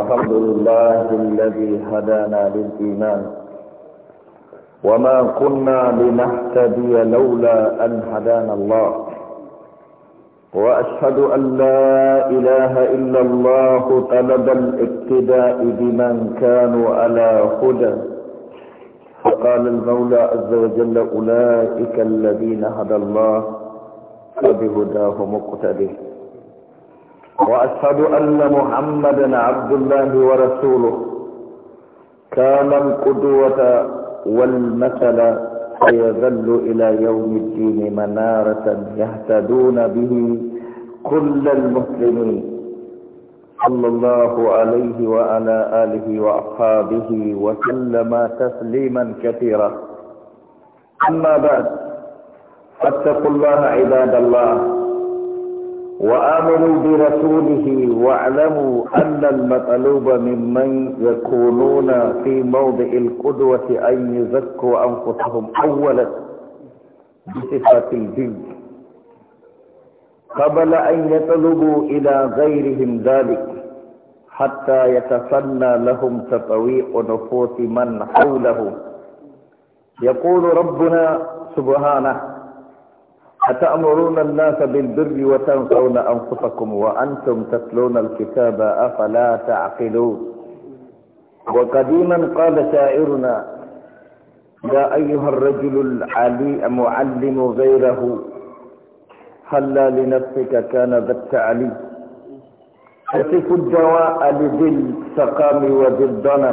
الحمد لله الذي هدانا للإيمان وما كنا لنهتدي لولا أن هدانا الله وأشهد أن لا إله إلا الله طلب الاقتداء بمن كانوا على هدى فقال المولى عز وجل أولئك الذين هدى الله فبهداه مقتدر وأشهد أن محمدا عبد الله ورسوله كان القدوة والمثل سيظل إلى يوم الدين منارة يهتدون به كل المسلمين صلى الله عليه وعلى آله وأصحابه وسلم تسليما كثيرا أما بعد فاتقوا الله عباد الله وآمنوا برسوله واعلموا أن المطلوب ممن يكونون في موضع القدوة أن يزكوا أنفسهم أولا بصفة الجن قبل أن يطلبوا إلى غيرهم ذلك حتى يتسنى لهم تطويق نفوس من حولهم يقول ربنا سبحانه أتأمرون الناس بالبر وتنسون أنفسكم وأنتم تتلون الكتاب أفلا تعقلون وقديما قال شائرنا يا أيها الرجل العلي معلم غيره هلا لنفسك كان ذا التعليم يصف الدواء لذي السقام وذي الضنى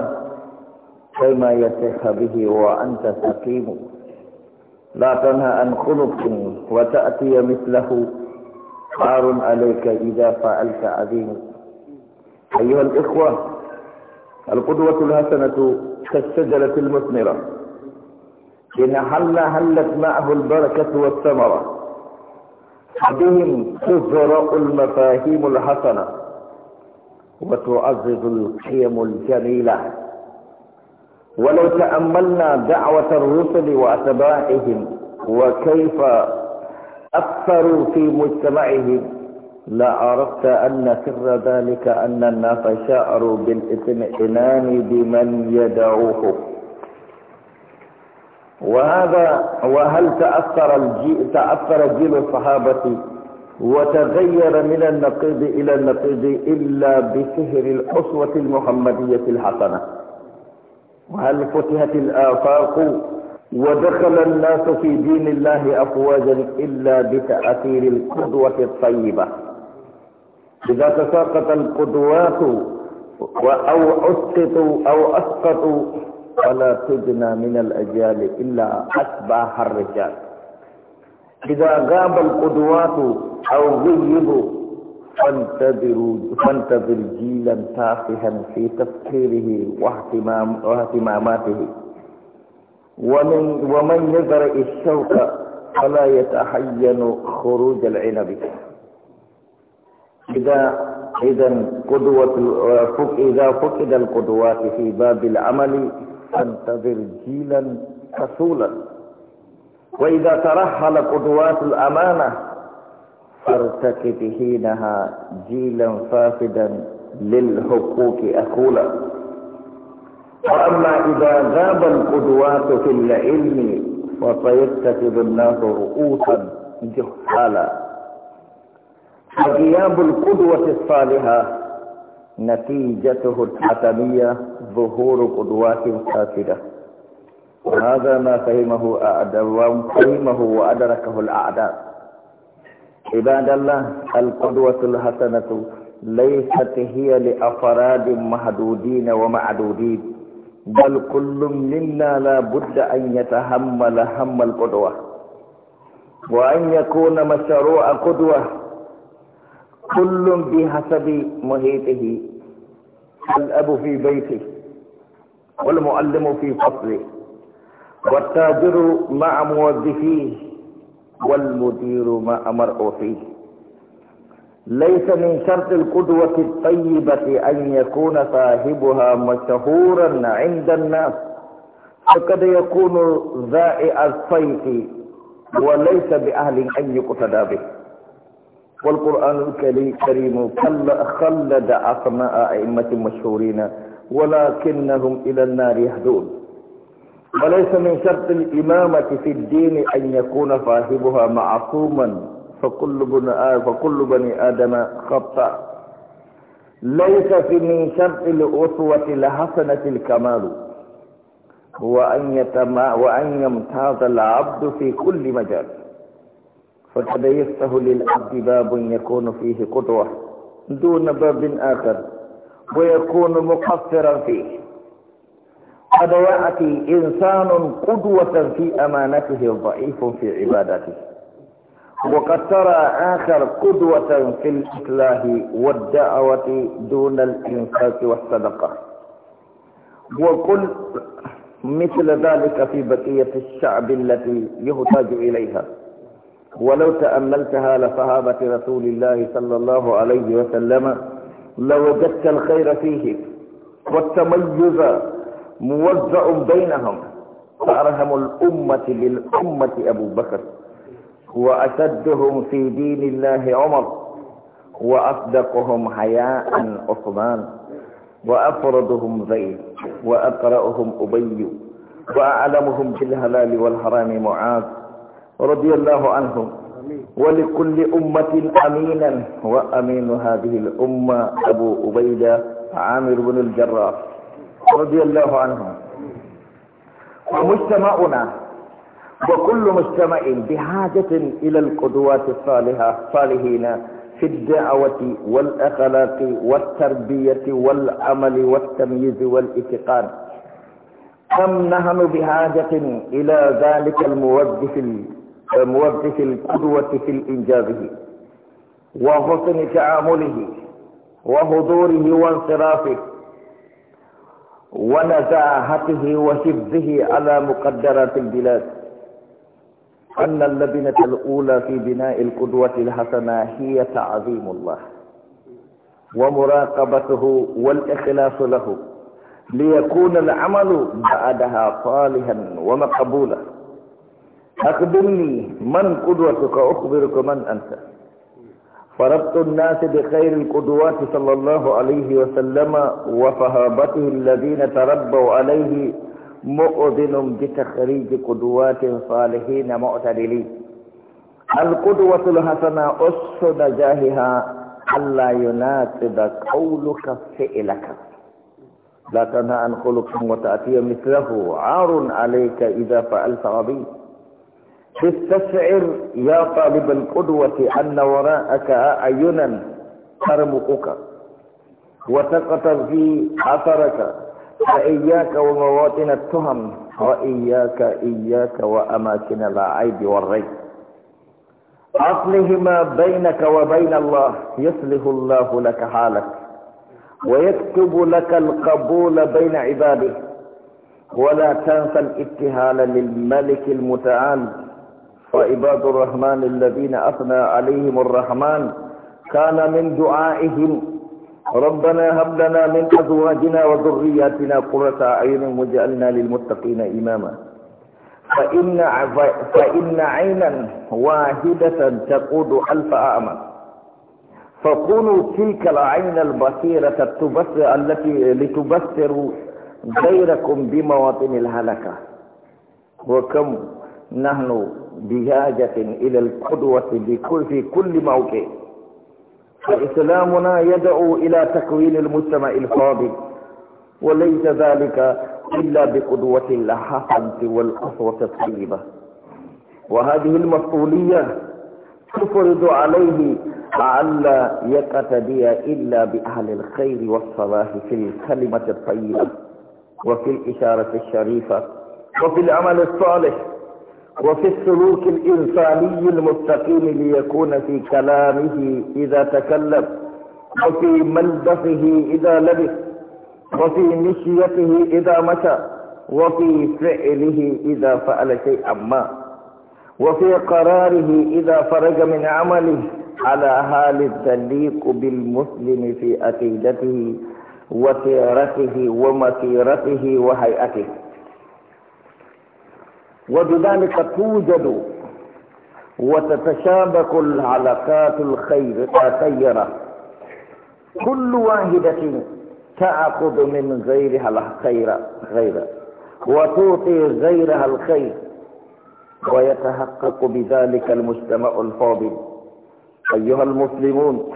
كما يتيح به وأنت سقيم لا تنهى عن خلق وتأتي مثله عار عليك إذا فعلت عظيم أيها الإخوة القدوة الحسنة كالشجرة المثمرة إن حل حلت معه البركة والثمرة بهم تزرع المفاهيم الحسنة وتعزز القيم الجميلة ولو تأملنا دعوة الرسل وأتباعهم وكيف أثروا في مجتمعهم عرفت أن سر ذلك أن الناس شعروا بالاطمئنان بمن يدعوه وهذا وهل تأثر الجيل, تأثر جيل الصحابة وتغير من النقيض إلى النقيض إلا بسهر الأسوة المحمدية الحسنة وهل فتحت الآفاق ودخل الناس في دين الله أفواجا إلا بتأثير القدوة الطيبة إذا تساقط القدوات أو أسقطوا أو أسقطوا فلا تجنى من الأجيال إلا أتبعها الرجال إذا غاب القدوات أو غيبوا فانتظروا فانتظر جيلا تافها في تفكيره واهتمام واهتماماته ومن ومن يزرع الشوك فلا يتحين خروج العنب إذا إذا قدوة إذا فقد القدوات في باب العمل فانتظر جيلا حصولا وإذا ترحل قدوات الأمانة فارتكب حينها جيلا فاسدا للحقوق أخولا وأما إذا غاب القدوات في العلم فسيتخذ الناس رؤوسا جهالا فغياب القدوة الصالحة نتيجته الحتمية ظهور قدوات فاسدة وهذا ما فهمه أعداء فهمه وأدركه الأعداء عباد الله القدوة الحسنة ليست هي لأفراد محدودين ومعدودين بل كل منا لا بد أن يتحمل هم القدوة وأن يكون مشروع قدوة كل بحسب محيطه الأب في بيته والمعلم في فصله والتاجر مع موظفيه والمدير ما أمر فيه ليس من شرط القدوة الطيبة أن يكون صاحبها مشهورا عند الناس فقد يكون ذائع الصيت وليس بأهل أن يقتدى به والقرآن الكريم خلد أصناء أئمة مشهورين ولكنهم إلى النار يهدون وليس من شرط الإمامة في الدين أن يكون صاحبها معصوما فكل بني آدم, فكل بني آدم خطأ ليس في من شرط الأسوة الحسنة الكمال هو أن يتما وأن يمتاز العبد في كل مجال فقد يفتح للعبد باب يكون فيه قدوة دون باب آخر ويكون مقصرا فيه قد يأتي إنسان قدوة في أمانته ضعيف في عبادته وقد ترى آخر قدوة في الإصلاح والدعوة دون الإنفاق والصدقة وكل مثل ذلك في بقية الشعب التي يحتاج إليها ولو تأملتها لصحابة رسول الله صلى الله عليه وسلم لوجدت الخير فيه والتميز موزع بينهم فأرهم الأمة للأمة أبو بكر وأشدهم في دين الله عمر وأصدقهم حياء عثمان وأفردهم زيد وأقرأهم أبي وأعلمهم بالهلال والحرام معاذ رضي الله عنهم ولكل أمة أمينا وأمين هذه الأمة أبو أبيدة عامر بن الجراح رضي الله عنهم ومجتمعنا وكل مجتمع بحاجة إلى القدوات الصالحة صالحين في الدعوة والأخلاق والتربية والعمل والتمييز والإتقان كم نحن بحاجة إلى ذلك الموظف الموظف القدوة في إنجازه وحسن تعامله وحضوره وانصرافه ونزاهته وحفظه على مقدرات البلاد أن اللبنة الأولى في بناء القدوة الحسنة هي تعظيم الله ومراقبته والإخلاص له ليكون العمل بعدها صالحا ومقبولا أخبرني من قدوتك أخبرك من أنت فربط الناس بخير القدوات صلى الله عليه وسلم وصحابته الذين تربوا عليه مؤذن بتخريج قدوات صالحين معتدلين القدوة الحسنة أس نجاهها ألا يناسب قولك فعلك لا تنهى عن خلق وتأتي مثله عار عليك إذا فعلت عبيد تستشعر يا طالب القدوة أن وراءك أعينا ترمقك في أثرك فإياك ومواطن التهم وإياك إياك وأماكن العيب والريب أصلهما بينك وبين الله يصلح الله لك حالك ويكتب لك القبول بين عباده ولا تنسى الاتهال للملك المتعال وعباد الرحمن الذين أثنى عليهم الرحمن كان من دعائهم ربنا هب لنا من أزواجنا وذرياتنا قرة أعين وجعلنا للمتقين إماما فإن, فإن عينا واحدة تقود ألف أعمى فكونوا تلك العين البصيرة التي لتبصروا غيركم بمواطن الهلكة وكم نحن بحاجة إلى القدوة في كل موقع فإسلامنا يدعو إلى تكوين المجتمع الفاضل وليس ذلك إلا بقدوة الحسنة والأسوة الطيبة وهذه المسؤولية تفرض عليه ألا يقتدي إلا بأهل الخير والصلاح في الكلمة الطيبة وفي الإشارة الشريفة وفي العمل الصالح وفي السلوك الإنساني المستقيم ليكون في كلامه إذا تكلم وفي ملبسه إذا لبس وفي مشيته إذا مشى وفي فعله إذا فعل شيئا ما وفي قراره إذا فرج من عمله على حال التليق بالمسلم في عقيدته وسيرته ومسيرته وهيئته وبذلك توجد وتتشابك العلاقات الخير الخيرة كل واحدة تأخذ من غيرها الخير خيرا وتعطي غيرها الخير ويتحقق بذلك المجتمع الفاضل أيها المسلمون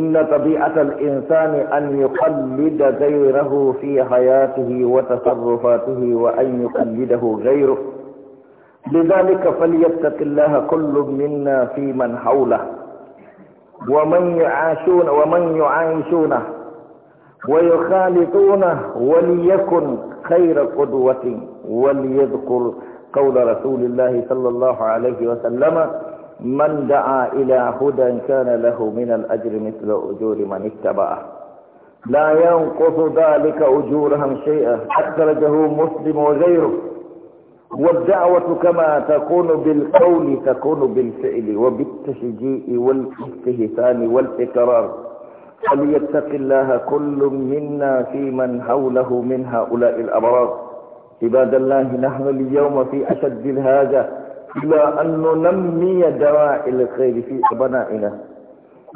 إن طبيعة الإنسان أن يقلد غيره في حياته وتصرفاته وأن يقلده غيره لذلك فليتق الله كل منا في من حوله ومن يعاشون ومن يعايشونه ويخالطونه وليكن خير قدوة وليذكر قول رسول الله صلى الله عليه وسلم من دعا إلى هدى كان له من الأجر مثل أجور من اتبعه لا ينقص ذلك أجورهم شيئا أخرجه مسلم وغيره والدعوة كما تكون بالقول تكون بالفعل وبالتشجيع والاستهتان والإكرار فليتق الله كل منا في من حوله من هؤلاء الأبرار عباد الله نحن اليوم في أشد الهاجة إلى أن ننمي دواء الخير في أبنائنا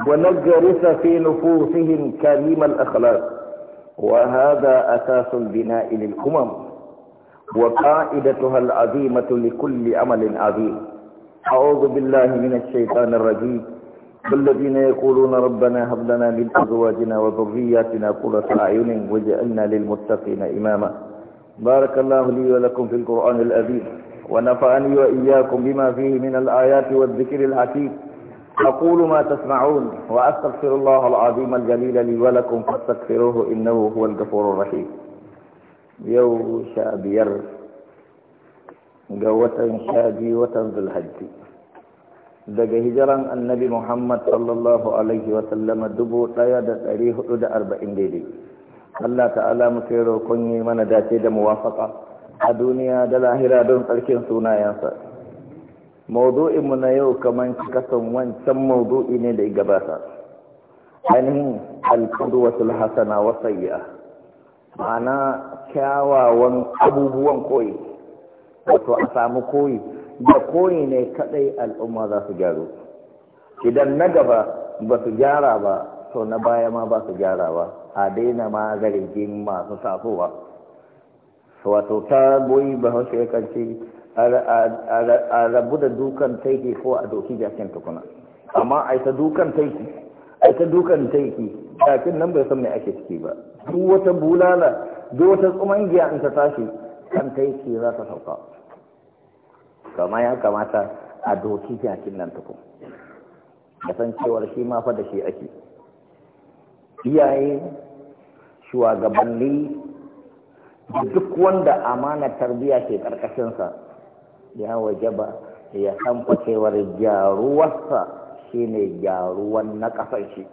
ونجرس في نفوسهم كريم الأخلاق وهذا أساس البناء للأمم وقائدتها العظيمة لكل عمل عظيم أعوذ بالله من الشيطان الرجيم والذين يقولون ربنا هب لنا من أزواجنا وذرياتنا قرة أعين واجعلنا للمتقين إماما بارك الله لي ولكم في القرآن العظيم ونفعني وإياكم بما فيه من الآيات والذكر الحكيم أقول ما تسمعون وأستغفر الله العظيم الجليل لي ولكم فاستغفروه إنه هو الغفور الرحيم يو ير قوة شادي وتنزل هجي دق هجرا النبي محمد صلى الله عليه وسلم دبو طيادة أريه أربعين أربع إنديلي الله تعالى مكيرو كني من داتي دا موافقة a duniya da lahira don tsarkin sunayensa mu na yau kamar kasan wancan maudu'i ne da gabata ainihin alƙudwatul hasana wa A ma'ana kyawawan abubuwan koyi wato a samu koyi da koyi ne kadai al'umma za su gyaru idan na gaba ba su gyara ba to na baya ma ba su gyara ba a daina ma zargin masu safowa wato ta boyi ba hausa ya a rabu da dukan taiki ko a doki jakin tukuna amma a dukan taiki a dukan taiki jakin nan bai san mai ake ciki ba duk wata bulala duk wata tsumangiya in ta tashi kan taiki za ta sauka kama ya kamata a doki jakin nan tukun da cewar shi ma fa da shi ake iyaye shugabanni duk wanda amanar tarbiya ke ƙarƙashinsa, ya wajaba ya san cewar gyaruwarsa shine gyaruwan na ƙasar shi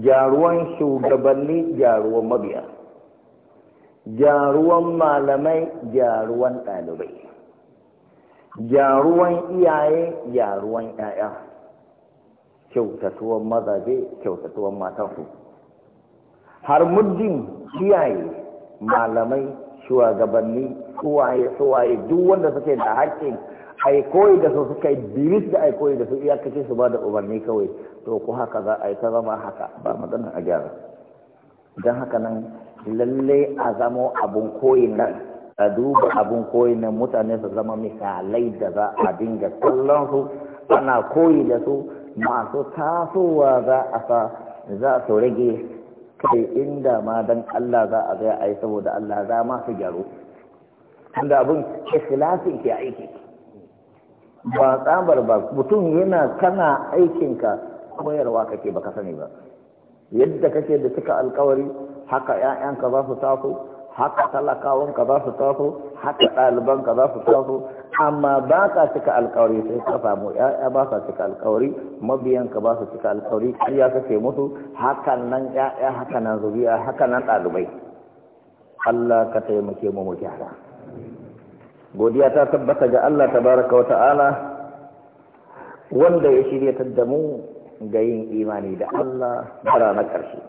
gyaruwan shugabanni gyaruwan mabiya gyaruwan malamai gyaruwan ɗalibai gyaruwan iyaye gyaruwan 'ya'ya kyautatuwan mazaje kyautatuwan matansu har muddin kiyaye malamai shugabanni suwaye suwaye duk wanda suke da haƙƙin ai koyi da su suka yi biris da ai koyi da su iyakace su ba da umarni kawai to ko haka za a yi ta zama haka ba magana a gyara don haka nan lalle a zama abun koyin nan a duba abun koyin nan mutane su zama misalai da za a dinga kallon su ana koyi da su masu tasowa za a sa za su rage kai inda ma dan Allah za a zai ai saboda Allah za ma su gyaro tunda abin ikhlasin ke aiki ba tsabar ba mutum yana kana aikinka koyarwa kake ba ka sani ba yadda kake da cika alkawari haka ƴaƴanka za su taso haka talakawanka za su taso haka ɗalibanka za su taso amma ba ka cika alkawari sai ka samu ya'ya ba ka cika alkawari mabiyanka ba su cika alkawari kariya kake musu hakan nan ya'ya hakan nan zuriya hakan nan ɗalibai Allah ka taimake mu mu gyara godiya ta tabbata ga Allah Ta baraka wa ta'ala wanda ya shirya da mu ga yin imani da Allah da ranar ƙarshe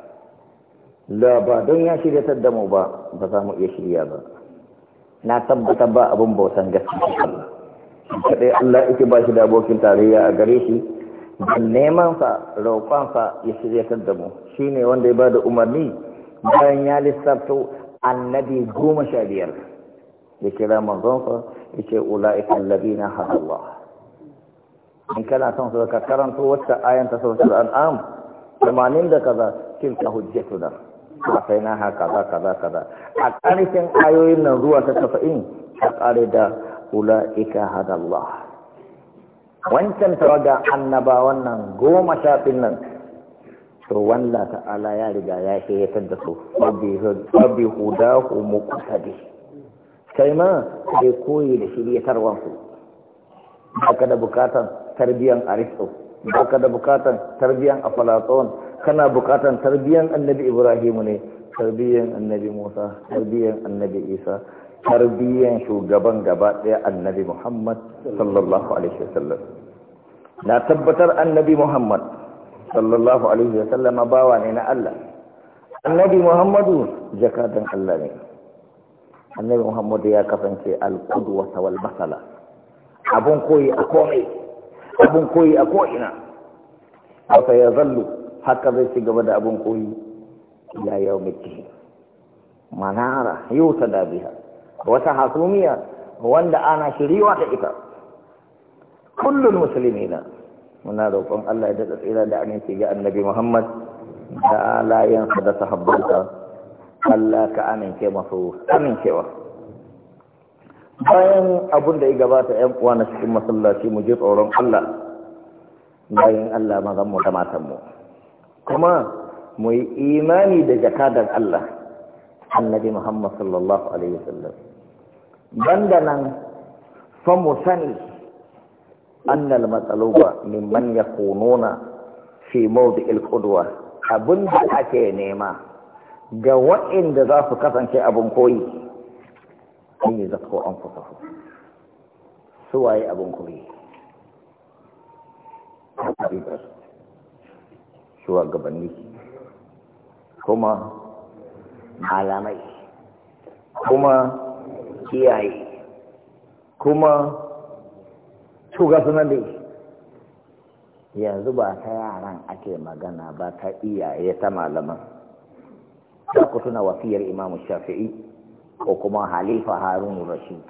la ba don ya shirya da mu ba ba za mu iya shirya ba na tabbata ba abin bautan gaskiya kaɗai Allah yake ba shi da abokin tarayya a gare shi dan neman sa roƙon sa ya shiryatar da mu shine wanda ya bada umarni bayan ya lissafto annabi goma sha biyar ya kira manzon sa yace ulaika alladhina hada Allah in kana son su ka karanto wata ayan ta suratul an'am 80 da kaza tilka da sai na ha kaza kaza kaza a ƙarshen ayoyin nan zuwa ta tafa'in ta ƙare da ika hadallah wancan tawaga annaba wannan goma shafin nan to wallah ta'ala ya riga ya shayyatar da su ku hudahu muqtadi kai ma sai koyi da ku. Ba ka da bukatan tarbiyan aristo ka da bukatan tarbiyan afalaton kana bukatan tarbiyan annabi ibrahimu ne tarbiyan annabi musa tarbiyan annabi isa tarbiyan shugaban gaba daya annabi muhammad sallallahu alaihi wasallam na tabbatar annabi muhammad sallallahu alaihi wasallam bawa ne na allah annabi muhammadu jakadan allah ne annabi muhammadu ya kasance alqudwa wal masala abun koyi a komai abun koyi a ko'ina ya zallu haka zai ci gaba da abin koyi ila yau mace manara yau ta dabiya wata hasumiya wanda ana shiriwa da ita kullun na. muna roƙon Allah ya daɗa tsira da aminci ga annabi Muhammad da alayensa da sahabbansa Allah ka amince masu amincewa bayan abun da ya gabata ‘yan uwa na cikin masallaci mu je tsoron Allah bayan Allah mazan mazanmu da matan mu. kuma mu yi imani da jakadar Allah annabi Muhammad sallallahu alaihi wasallam banda nan fa mu sani annal matsaluba mimman yakununa fi mawdi'il qudwa abin da ake nema ga waɗanda za su kasance abin koyi an yi zakko an fusafu su waye abin koyi gabanni kuma halamai kuma kiyaye kuma shuga suna yanzu ba ta yaran ake magana ba ta iyaye ta malaman ta ku tuna wasiyar imamu shafi'i ko kuma halifa harun rashid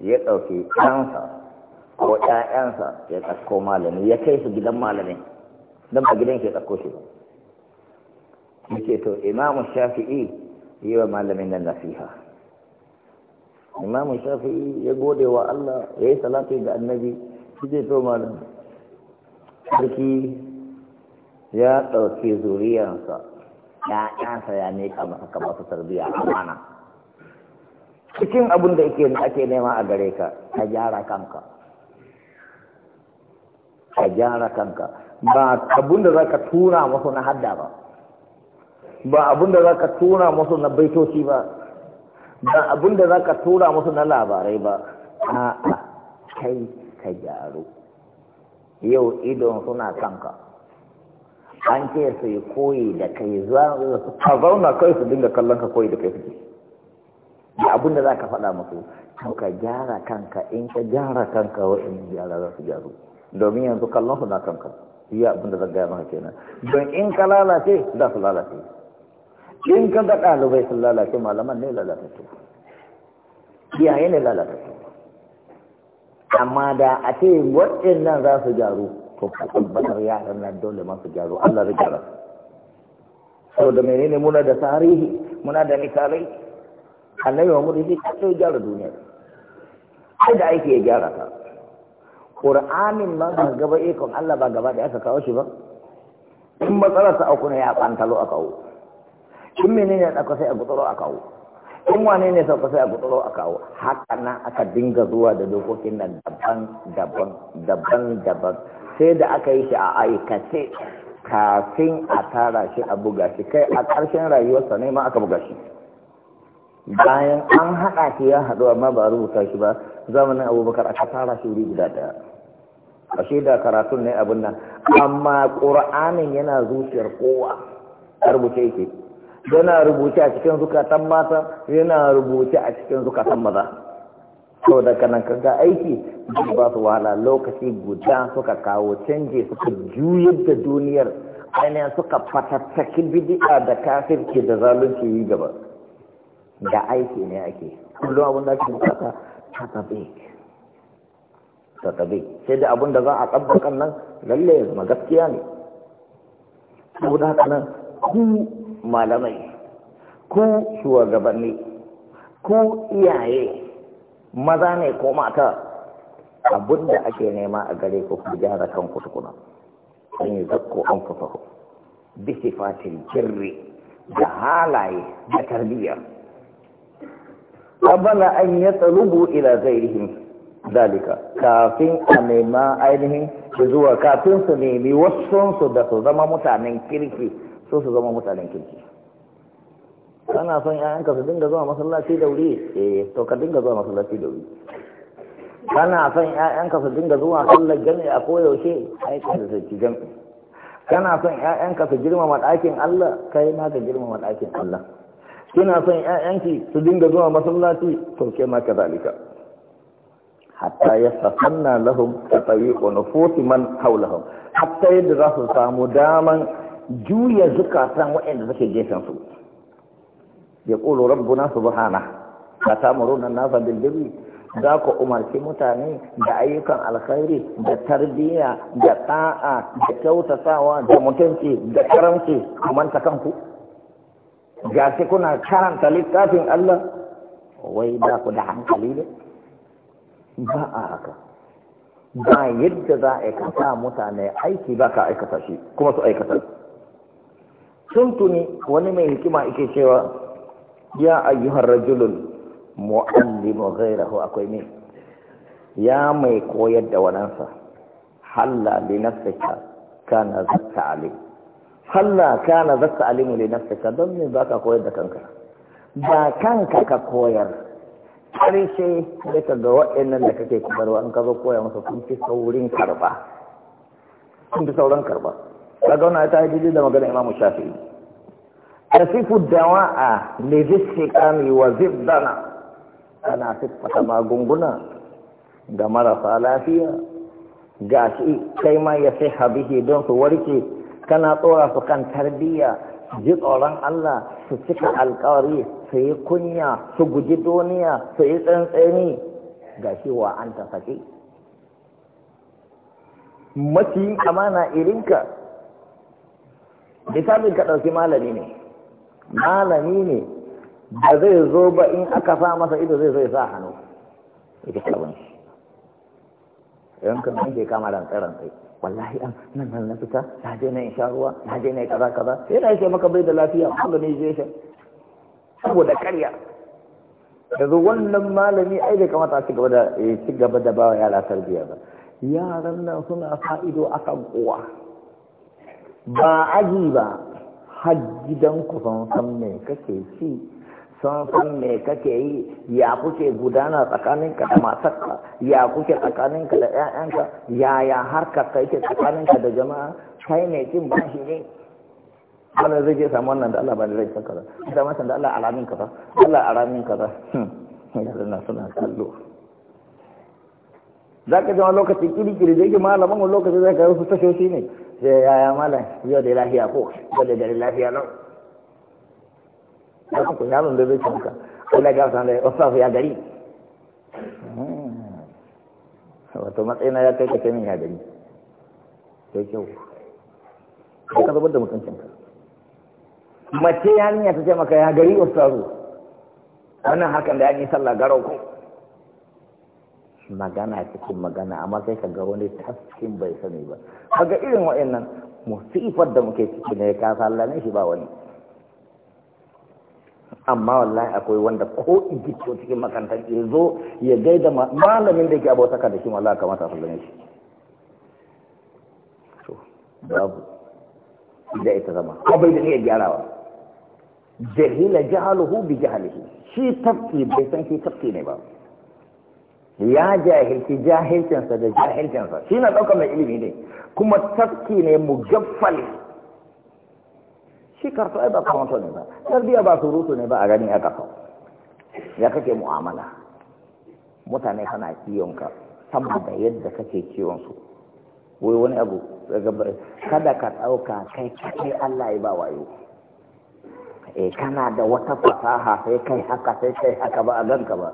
ya ɗauki ɗansa ko ‘ya'yansa ya ɗauko malami ya kai su gidan malamin don ba gidan ke ɗauko shi ba yake to imamu shafi'i yi wa malamin nan nasiha imamu shafi'i ya gode wa Allah ya yi salatu ga annabi shi zai to malam sarki ya ɗauki zuriyarsa ‘ya'yansa ya miƙa masa kama su tarbiyya amana cikin abin da ake nema a gare ka ka gyara kanka ka gyara kanka ba abun da za ka tura masu na hadda ba ba abun da za ka tura masu na baitoci ba ba abun da za ka tura masu na labarai ba a kai ka gyaru yau idon suna kanka an ce su yi koyi da kai ka zauna kai su dinga kallon ka koyi da kai suke da abinda za ka faɗa masu to ka gyara kanka in ka gyara kanka wa'in gyara za su gyaru domin yanzu kallon su na kanka iya abin da zan gaya maka kenan don in ka lalace za su lalace in ka ga ɗalibai sun lalace malaman ne lalata lalatattu iyaye ne lalata lalatattu amma da a ce waɗannan za su gyaru to ka tabbatar yaran nan dole ma su gyaru Allah zai gyara da menene muna da tarihi muna da misalai annabi Muhammad yake kace gyara duniya sai da aiki ya gyara ta ƙur'anin ma ba gaba ikon Allah ba gaba da aka kawo shi ba in matsalar ta auku ne ya kwantalo a kawo in menene ya ɗauka sai a gutsuro a kawo in wane ne sauka sai a gutsuro a kawo haka nan aka dinga zuwa da dokokin nan daban daban daban daban sai da aka yi shi a aikace kafin a tara shi a buga shi kai a ƙarshen rayuwarsa ne ma aka buga shi bayan an haɗa shi ya haɗu amma ba rubuta shi ba zamanin abubakar aka tara shi wuri guda ɗaya ashe da karatun ne abin nan amma ƙura'anin yana zuciyar kowa a rubuce yake yana rubuce a cikin zukatan mata yana rubuce a cikin zukatan maza sau da kanan kaga aiki da ba su wahala lokaci guda suka kawo canje suka juyar da duniyar ainihin suka fatattaki bidi'a da kafirci da zalunci yi gaba da aiki ne ake kullum abin da ake bukata ta tabe ta sai da abun da za a tsabbakan nan lalle ya zama gaskiya ne saboda haka nan ku malamai ku shugabanni ku iyaye maza ne ko mata abin da ake nema a gare ku ku gyara kanku tukuna an yi zakko an fusahu bisa fatin jirri da halaye da tarbiyya abala an yatalubu ila ghairihim dalika kafin a nema ainihin su zuwa kafin su nemi wasu su da su zama mutanen kirki su su zama mutanen kirki kana son ƴaƴanka su dinga zuwa masallaci da wuri eh to ka dinga zuwa masallaci da wuri kana son ƴaƴanka su dinga zuwa sallar jami'a a koyaushe ai ka da zaki jami'a kana son ƴaƴanka su girmama ɗakin Allah kai ma ka girmama ɗakin Allah kina son ƴaƴanki su dinga zuwa masallaci to kai ma ka zalika hatta yastafanna lahum tatayiqu nufusi man hawlahum hatta yadda za su samu daman juya zukatan waɗanda suke gefen su ya qulu rabbuna subhana Ka tamuruna nasa bil birri za ku umarci mutane da ayyukan alkhairi da tarbiyya da ta'a da kyautatawa da mutunci da karamci kamar ta kanku ga kuna karanta littafin Allah wai da ku da hankali ne ba a haka ba yadda za a aikata mutane aiki ba ka aikata shi kuma su aikata sun tuni wani mai hikima ike cewa ya ayyuhar rajulun mu'allimu ghairahu akwai ne ya mai koyar da wanansa halla li nafsika kana zatta alim halla kana zatta alimu li nafsika don me baka koyar da kanka ba kanka ka koyar ƙarshe sai ka ga waɗannan da kake kubarwa in ka zo koya masa sun fi saurin karba Sun fi sauran karba ka ga ta yi da magana imamu shafi'i tasifu a li zikami wa dana. ana siffata magunguna ga marasa lafiya ga shi kai ma ya fi habihi don su warke kana tsora su kan tarbiyya ji tsoron Allah su cika alkawari su yi kunya su guji duniya su yi tsantsani ga shi wa an ta sake amana irinka misalin ka ɗauki malami ne malami ne da zai zo ba in aka sa masa ido zai zai sa hannu ita kalabin shi yankan ke kama rantsarantsai wallahi an nan nan na fita na je na in ruwa na je na kaza kaza yana yake maka bai da lafiya organization saboda karya yanzu wannan malami ai bai kamata a cigaba da ci gaba da ba yara tarbiyya ba yaran nan suna fa'ido kan kowa ba aji ba har gidan ku san san me kake ci sun san me kake yi ya kuke gudana tsakaninka da matarka ya kuke tsakaninka da 'ya'yanka yaya harkar ka yake tsakaninka da jama'a kai ne kin bashi ne wannan zai je samu wannan da Allah ba zai saka ba ita masa da Allah alamin kaza Allah alamin kaza yanzu hmm. na suna kallo za ka jama lokaci kirikiri da yake malaman wani lokaci zai ka yi su tashoshi ne sai yaya malam yau da lafiya ko yau da dare lafiya lau haka ku yaron da zai ci haka Allah ya san da ustaz ya gari wato matsayina ya kai ka ce min ya tó sai kyau sai ka zubar da mutuncinka mace yarinya ta ce maka ya gari ustazu wannan hakan da yi sallah garau ko magana cikin magana amma sai ka ga wani tafkin bai sani ba kaga irin wa'annan musifar da muke ciki ne ka sallah ne shi ba wani amma wallahi akwai wanda ko igito cikin makarantar ya zo ya gaida malamin da ke abotaka da shi wallahi kamata su gane shi to babu idan ita zama ko bai da iya gyarawa jahila jahaluhu bi jahalihi shi tafki bai san shi tafki ne ba ya jahilci jahilcinsa da jahilcinsa shi na ɗaukar mai ilimi ne kuma tafki ne gaffale shi karto ai ba kawanto ne ba tarbiya ba surutu ne ba a gani aka kafa ya kake mu'amala mutane kana kiwonka saboda yadda kake kiwon su wai wani abu kada ka ɗauka kai kai Allah ya ba wayo eh kana da wata fasaha sai kai haka sai kai haka ba a ganka ba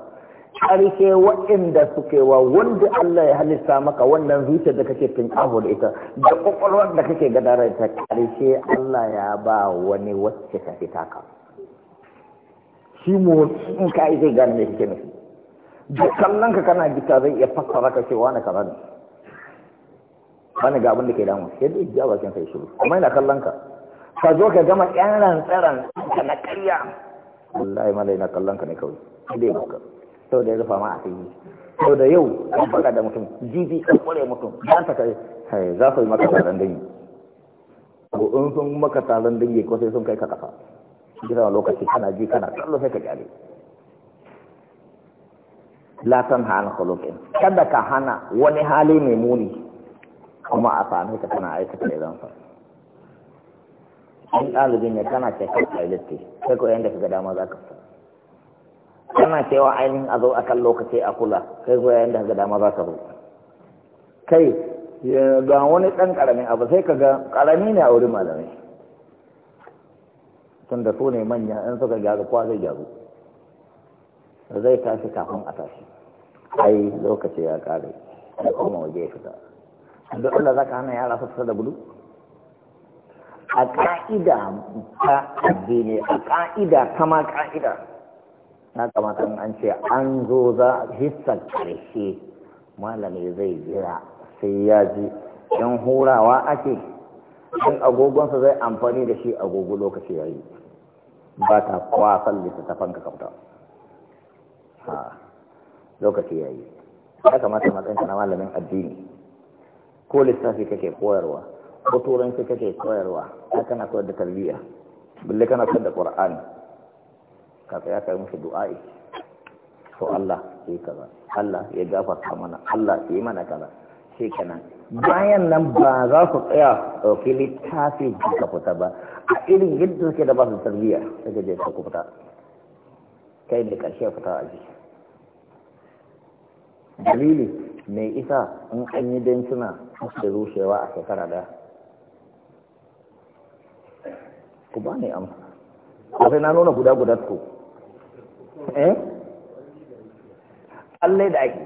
ƙarshe waɗanda suke wa wanda Allah ya halitta maka wannan zuciyar da kake tinkaho da ita da ƙwaƙwalwar da kake gadara ta ƙarshe Allah ya ba wani wacce ka fi ka shi in ka yi zai gane me kake da kallon ka kana gita zai iya fassara ka cewa na kaza ne wani ga abin da ke damu sai dai ja bakin sai shiru Amma yana kallon ka ka zo ka gama ƴan tsaron ka na ƙarya wallahi malai na kallon ka ne kawai sai dai sau da ya rufa ma a fili sau da yau an faɗa da mutum jibi an ƙware mutum ya ta kai za su yi maka taron dangi ko in sun maka taron dangi ko sai sun kai ka kafa jira lokaci kana ji kana kallo sai ka gyare la tanha an khuluqin kada ka hana wani hali mai muni kuma a sami ka tana aikata idan fa in ɗalibin ne kana ce kai litti sai ko yanda ka ga dama za ka fita Kana cewa ainihin a zo a kan lokaci a kula kai ko yayin da dama za ka zo kai ga wani ɗan ƙarami abu sai ka ga ƙarami ne a wurin malamai tun da su ne manya in suka gyaru kwa zai gyaru zai tashi kafin a tashi ai lokaci ya ƙare da kuma waje ya fita duk Allah za ka hana yara su fita da gudu a ƙa'ida ta addini a ƙa'ida kama ƙa'ida na kamata an ce an zo za hissar ƙarshe malami zai jira sai ya ji Yan hurawa ake yan agogonsa zai amfani da shi agogo lokaci ya yi ba ta kwasan littattafan ka kauta lokaci ya yi ya kamata matsayinka na malamin addini ko lissafi kake koyarwa ko turanci kake koyarwa ya kana koyar da tarbiyya balle kana koyar da qur'ani kaka ya kai musu du'a'i to Allah ya yi kaza Allah ya gafarta mana Allah ya yi mana kaza shi kenan bayan nan ba za su tsaya ɗauki littafi ka fita ba a irin yadda suke da ba su tarbiyya sai ka je ka ku fita kai da ƙarshe fita a jiki dalili mai isa in an yi dentuna da rushewa a shekara daya ku ba ne amsa sai na nuna guda guda ku Eh? Allah da ake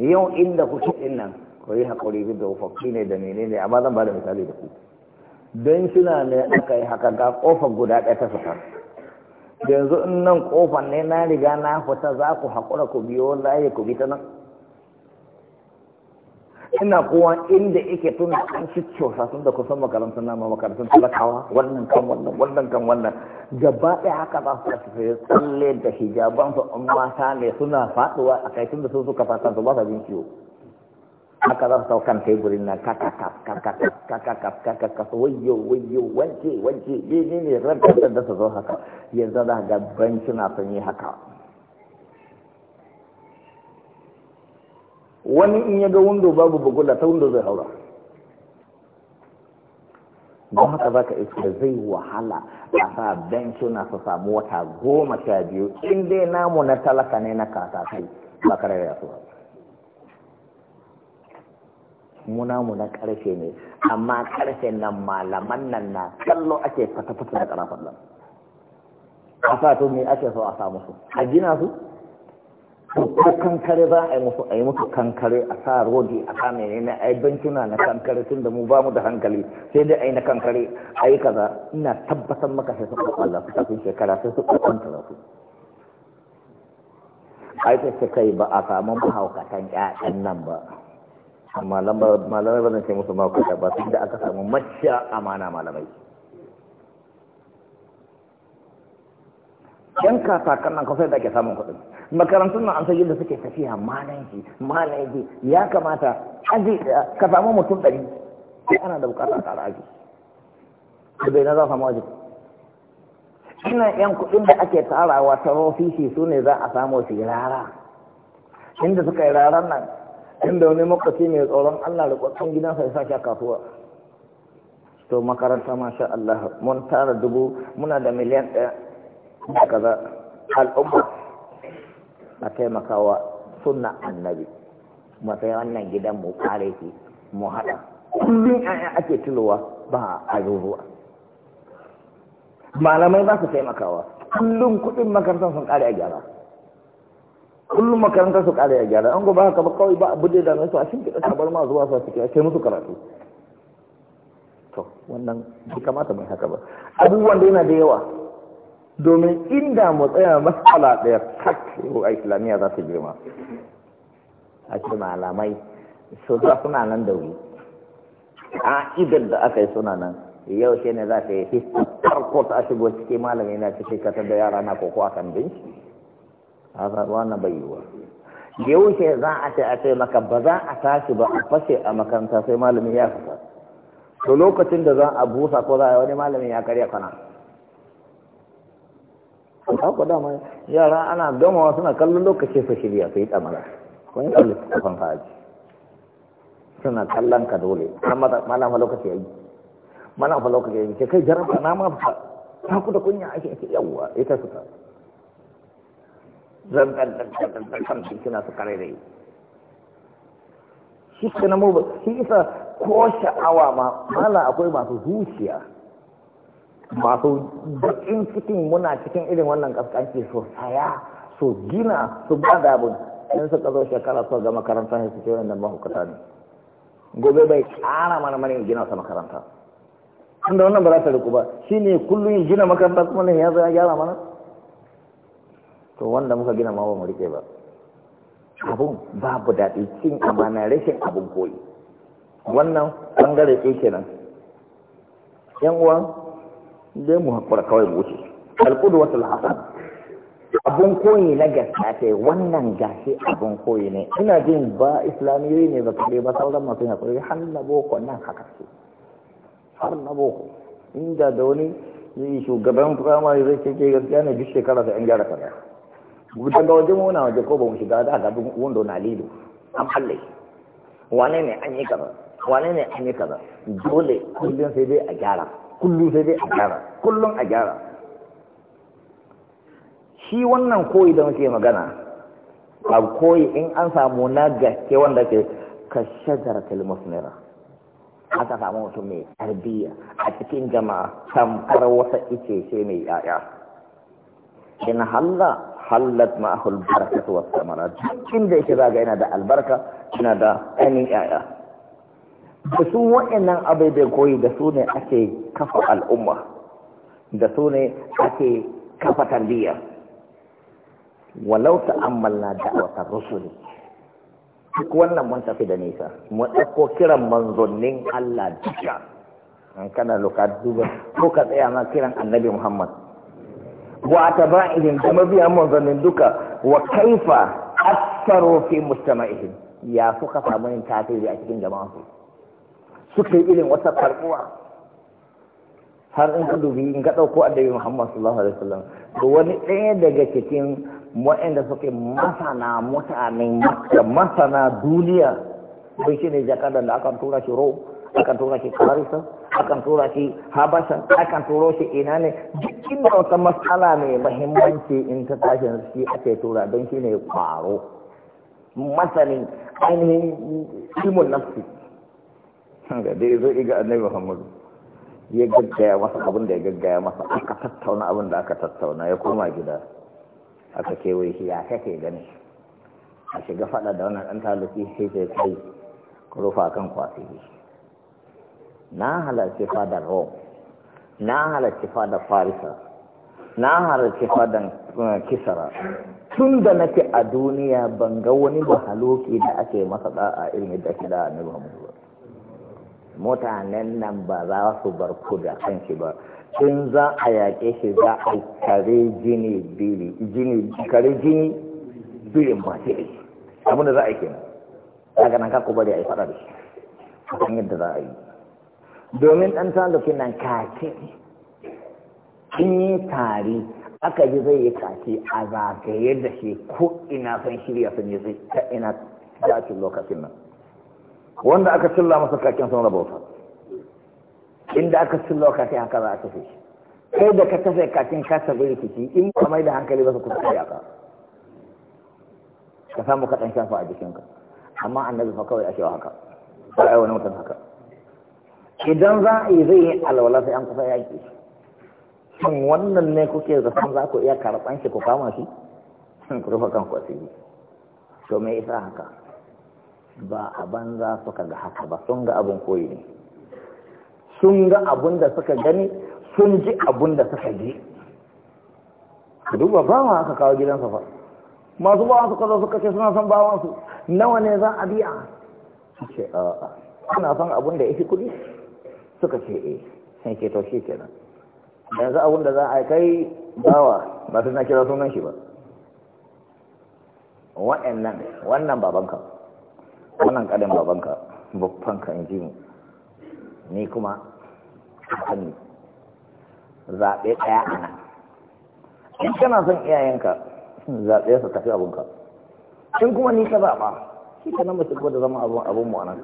yau inda kuke din nan ko yi haƙuri duk da ne da menene amma zan ba da misali da ku don suna ne aka yi haka ga ƙofar guda ɗaya ta fita yanzu in nan ƙofar ne na riga na fita za ku haƙura ku biyo layi ku bi ta nan ina kowa inda yake tuna an cosa sun da kusan makarantar nama makarantar talakawa wannan kan wannan wannan kan wannan gaba ɗaya haka za su tafi tsalle da hijaban su in mata ne suna faɗuwa a kai tun da sun suka fata su ba sa jin ciwo haka za su sau kan teburin na kakaka kakaka kakaka wanke wanke ne ne ne da su zo haka yanzu za ga bancina sun yi haka wani in ya ga window babu bugula ta wando zai haura don haka za ka iska zai wahala a sa na su samu wata goma sha biyu in dai namu na talaka ne na katakai ba karar ya su mu namu na karshe ne amma karshe nan malaman nan na kallo ake fata-fata da karafan nan a sa to me ake so a samu su a gina su ko kankare za a yi musu a yi musu kankare a sa rodi a sa ne a yi bankuna na kankare tun da mu ba mu da hankali sai dai a yi na kankare a yi kaza ina tabbatar maka sai su kwakwal da su kafin shekara sai su kwakwanta da su a yi ce kai ba a samu mahaukatan ƴaƴan nan ba amma malamai ba zan ce musu mahaukata ba tun da aka samu maciya amana malamai yan kasa kan nan kusa da ake samun kuɗin makarantun nan an san yadda suke tafiya malaji malaji ya kamata aji eh, ka samu mutum ɗari sai ana da bukatar ka aji da bai na za samu aji ina yan kuɗin da ake tarawa ta ofishi su ne za a samu su rara inda suka yi raran nan inda wani makwaci mai tsoron allah da kwatsun gidansa ya sa a kasuwa to makaranta masha Allah mun tara dubu muna da miliyan ɗaya da kaza al'umma a taimakawa suna annabi matsayi wannan gidan mu kare shi mu haɗa kullum ake tulowa ba a zuwa malamai ba su taimakawa kullum kuɗin makarantar sun kare a gyara kullum makarantar su kare a gyara an gobe haka ba kawai ba abu da dame su a shi kiɗa tabar ma zuwa su a sai musu karatu to wannan bai kamata mai haka ba abubuwan da yana da yawa domin inda mu tsaya matsala ɗaya tak a islamiyya za ta girma a ce malamai su za suna nan da wuri idan da aka yi suna nan yau shi ne za ta yi ko ta shigo ciki malami na cikin katar da yara na koko a kan bin shi a na bai yiwuwa yau shi za a ce a ce maka ba za a tashi ba a fashe a makaranta sai malami ya fita to lokacin da za a busa ko za a yi wani malami ya karya kana haka dama yara ana gamawa suna kallon lokaci su shirya su yi tsamara ko yin kallon littattafan haji suna kallon ka dole mana fa lokaci yayi mana fa lokaci yayi kai jarabta na ma fa ta ku da kunya ake ake yawwa ita su ta zan dan dan dan dan kan kina su kare dai shi kana mu shi isa ko sha'awa ma mala akwai masu zuciya masu bakin cikin muna cikin irin wannan kaskanci so saya so gina su ba da abin in suka zo shekara su ga makaranta su ce wannan mahukata ne gobe bai kara mana mana gina sa makaranta inda wannan ba za ta riku ba ne kullum gina makaranta kuma ne ya zai gyara mana to wanda muka gina ma ba mu rike ba abun babu daɗi cin amana rashin abin koyi wannan bangare ɗaya kenan yan uwa dai mu hakura kawai mu wuce alqudwatul hasan abun koyi na gaskiya ce wannan gashi abun koyi ne ina jin ba islamiyoyi ne ba kare ba sauran masu yin hakuri har na boko nan haka ce har na boko inda da wani shugaban firamare zai ce ke gaskiya ne duk shekara sai an gyara kaza waje wajen muna waje ko ba mu shiga da ga wando na lilo an halle wane ne an yi kaza wane ne an yi kaza dole kullum sai dai a gyara kullum sai dai a gyara kullum a gyara shi wannan koyi da muke magana a koyi in an samu na gaske wanda ke ka shajar kalmusmira aka samu mutum mai tarbiyya a cikin jama'a tamkar wata ice ce mai yaya in halla hallat ma'ahul barakatu wasu samara duk inda yake zaga yana da albarka yana da ainihin yaya da su waɗannan abai bai koyi da su ne ake kafa al'umma da su ne ake kafa tarbiyya walau ta'ammalna da'watar rusuli duk wannan mun tafi da nisa mu ɗauko kiran manzonnin Allah duka an kana luka duba ko ka tsaya ma kiran annabi Muhammad wa ataba'ihim da mabiyan manzonnin duka wa kaifa asaru fi mujtama'ihim ya suka samu yin tasiri a cikin jama'a suka yi irin wata karbuwa har in ka dubi in ka ɗauko annabi Muhammad sallallahu alaihi wasallam to wani ɗaya daga cikin waɗanda suke masana mutanen Makka masana duniya bai shi ne jakadan da akan tura shi Rome akan tura shi Farisa akan tura shi Habasha akan tura shi ina ne duk wata matsala mai muhimmanci in ta tashi shi ake tura don shi ne kwaro masanin ainihin ilmun nafsi ga dai zo iga annabi muhammadu ya gaggaya masa abin da ya gaggaya masa aka tattauna abin da aka tattauna ya koma gida aka kewaye shi ya kake gani a shiga fada da wannan ɗan taluki sai sai kai ku rufa kan kwafi na halarci fadar rome na halarci fadar farisa na halarci fadar eh, kisara tun da nake a duniya ban ga wani bahaloki da ake masa da'a irin yadda ake da'a ne Muhammadu ba mutanen nan ba za su bar ku da kanki ba in za a yaƙe shi za a kare jini biri jini kare jini birin masu yi. abinda da za a yi kenan daga nan kaku bari a yi faɗa da shi a yadda za a yi domin ɗan talufin nan kace in yi tari aka ji zai yi kace a zagaye da shi ko ina san shirya sun yi zai ta ina dacin lokacin nan wanda aka cilla masa kakin sun bauta inda aka cilla kakin haka za a tafi kai da ka tafi kakin ka tafi rikici in ba mai da hankali ba su kusa kai aka ka samu kaɗan shafa a jikinka amma annabi fa kawai a shewa haka ba a yi wani mutum haka idan za a yi zai yi alwala sai an kusa yaƙi shin wannan ne kuke zaton za ku iya karɓan shi ku kama shi ku rufe kan kwasiri to me isa haka ba a banza suka ga haka ba sun ga abin koyi ne sun ga abin da suka gani sun ji abin da suka ji ku duba bawa aka kawo gidansa fa masu ba su kaza suka ce suna son bawan su nawa ne za a biya ce a ana son abin da yake kuɗi suka ce eh sai ke to shi kenan yanzu abin da za a kai bawa ba su na kira sunan shi ba wa'annan wannan babanka wannan kadan babanka babbanka in ji mu ni kuma hannu zaɓe ɗaya a nan in kana son iyayenka zaɓe su tafi abunka in kuma ni ka zaɓa shi ka nan shigo da zama abun abun mu a nan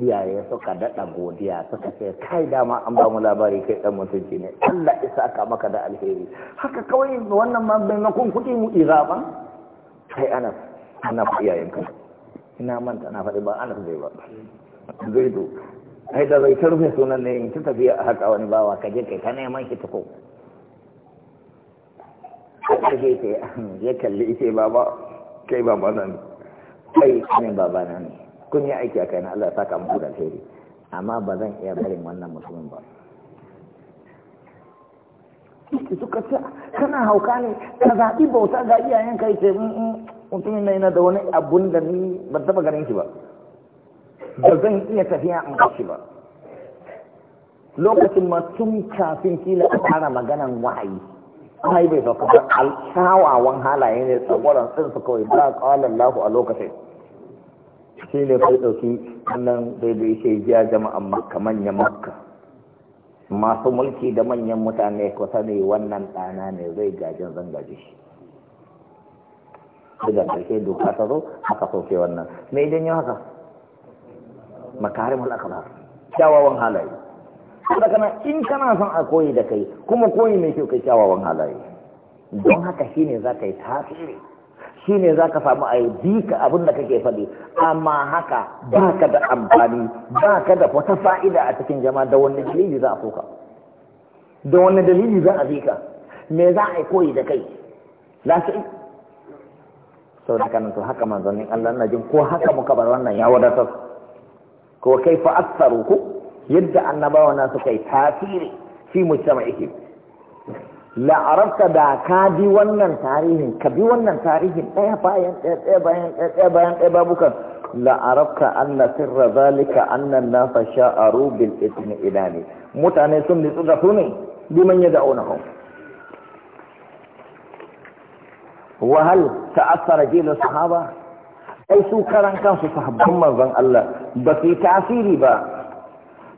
iyaye suka daɗa godiya suka ce kai dama an ba mu labari kai ɗan mutunci ne Allah isa ka maka da alheri haka kawai wannan ma bai makon kuɗi mu izaɓa kai anas ana fa iyayenka ina manta na faɗi ba ana zai ba zai do ai da zai ta sunan ne in ta tafiya a haka wani bawa ka je kai ka neman ki tuko ka je ke ya kalli ita baba kai baba nan kai ne baba na kun yi aiki a kai na Allah ya saka muku da alheri amma ba zan iya barin wannan mutumin ba suka ce kana hauka ne ka zaɓi bauta ga iyayen kai ce mm, mm. mutumin na yana da wani abun da ni ban taba ganin shi ba ba zan iya tafiya an kashi ba lokacin ma tun kafin kila a fara maganan wahayi wahayi bai sauka ba alkawawan halaye ne tsagoran sun su kawai ba kawalan lahu a lokacin shi ne kai ɗauki wannan daidai shi ya jama'a makka manyan makka masu mulki da manyan mutane ku sani wannan ɗana ne zai gajen zan gaji shi daga ƙarshe doka ta zo aka sauke wannan me idan yau haka makarim akhlaq kyawawan halaye saboda kana in kana son a koyi da kai kuma koyi mai kyau kai kyawawan halaye don haka shine za ka yi tasiri shine za ka samu a yi ka abin da kake faɗi amma haka ba ka da amfani ba ka da wata fa'ida a cikin jama'a da wani dalili za a soka da wani dalili za a bi ka me za a yi koyi da kai lafi sau da kanan to haka manzannin Allah na jin ko haka muka bar wannan ya wadatar ko kai fa ku yadda annabawa na suka yi tasiri fi mujtama'ihi la arabta da ka bi wannan tarihin ka bi wannan tarihin ɗaya bayan ɗaya ɗaya bayan ɗaya ɗaya bayan ɗaya babukan la arabta anna sirra zalika anna nasa sha'aru bil ismi ilani mutane sun nitsu da su ne biman ya da'una hau wahal ta'assara jilin sahaba ai su karan kansu sahabban manzon Allah ba su yi tasiri ba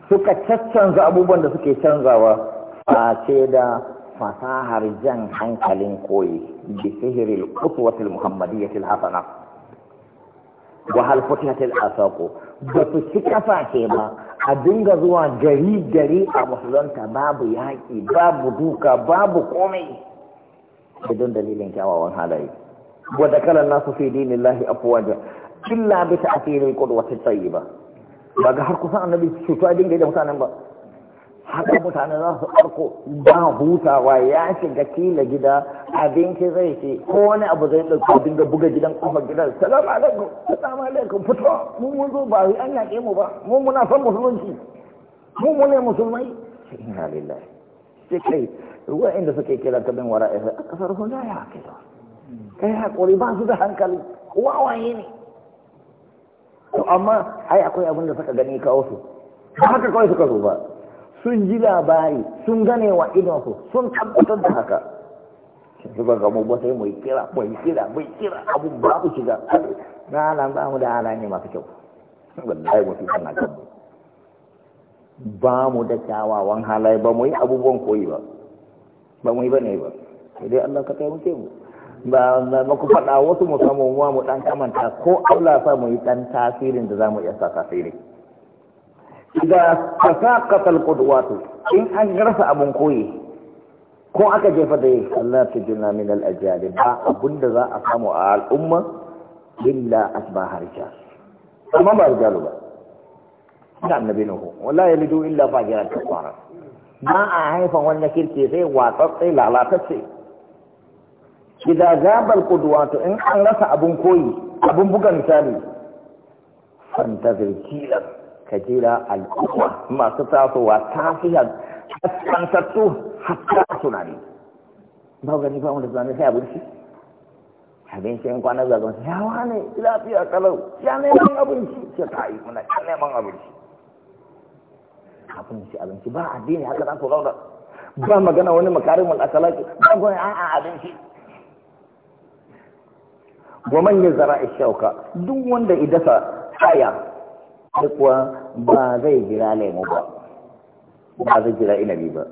suka caccanza abubuwan da suke canzawa a ce da fasahar jan hankalin koyi bi sihiril qutwatil muhammadiyatil hasana wa futihatil asaqu ba su ci ƙasashe ba a dinga zuwa gari gari a musulunta babu yaƙi babu duka babu komai dalilin halaye. بدون دليل كواوا fi ودخل الناس في دين الله أفواجا إلا بتأثير القدوة ba daga har kusan annabi cutuwa dinga da mutanen ba haka mutane za su arko ba hutawa ya shiga kila gida abinci zai ce ko wani abu zai ɗauko dinga buga gidan kofar gidan salamu alaikum salamu alaikum fito mun mun zo ba an yaƙe mu ba mun muna son musulunci mun mu ne musulmai inna lillahi sai kai wa'inda suke kira ta bin wara'i sai aka sarfa da ya haƙiƙa kai haƙuri ba su da hankali wawaye ne to amma ai akwai abin da suka gani kawo su haka kawai suka zo ba sun ji labari sun gane wa su, sun tabbatar da haka suka gamu ba sai mai kira mai kira mai kira abun ba ku shiga na nan ba mu da halaye masu kyau wallahi mutum kana kan ba mu da kyawawan halaye ba mu yi abubuwan koyi ba ba mu yi ba ne ba sai Allah ka taimake mu ba ba ku faɗa wasu mu samu muwa mu dan kamanta ko Allah sa mu yi dan tasirin da zamu iya sa tasiri idan tasaqata alqudwatu in an garsa abun koyi ko aka jefa da yi Allah ta jinna min al ba abun da za a samu a al'umma illa asbaha rijal amma ba rijalu ba ina annabi nuhu wala yalidu illa fajiran kafara ba a haifan wanda kirki sai watsatsai lalatacce idza zabal to in an rasa abun koyi abun buga misali fantazir kilan ka jira al'umma masu tasowa tafiyar kaskantattu hatta tunani ba gani ba wanda zane sai abinci abinci in kwanar zagon ya wane lafiya kalau ya neman abinci ce ta yi muna ya neman abinci kafin shi abinci ba addini haka za ku rauna ba magana wani makarimul akalaki ba gwani a abinci gwaman ya zara ishauka duk wanda idasa haya kuwa ba zai jira lemu ba ba zai jira inabi ba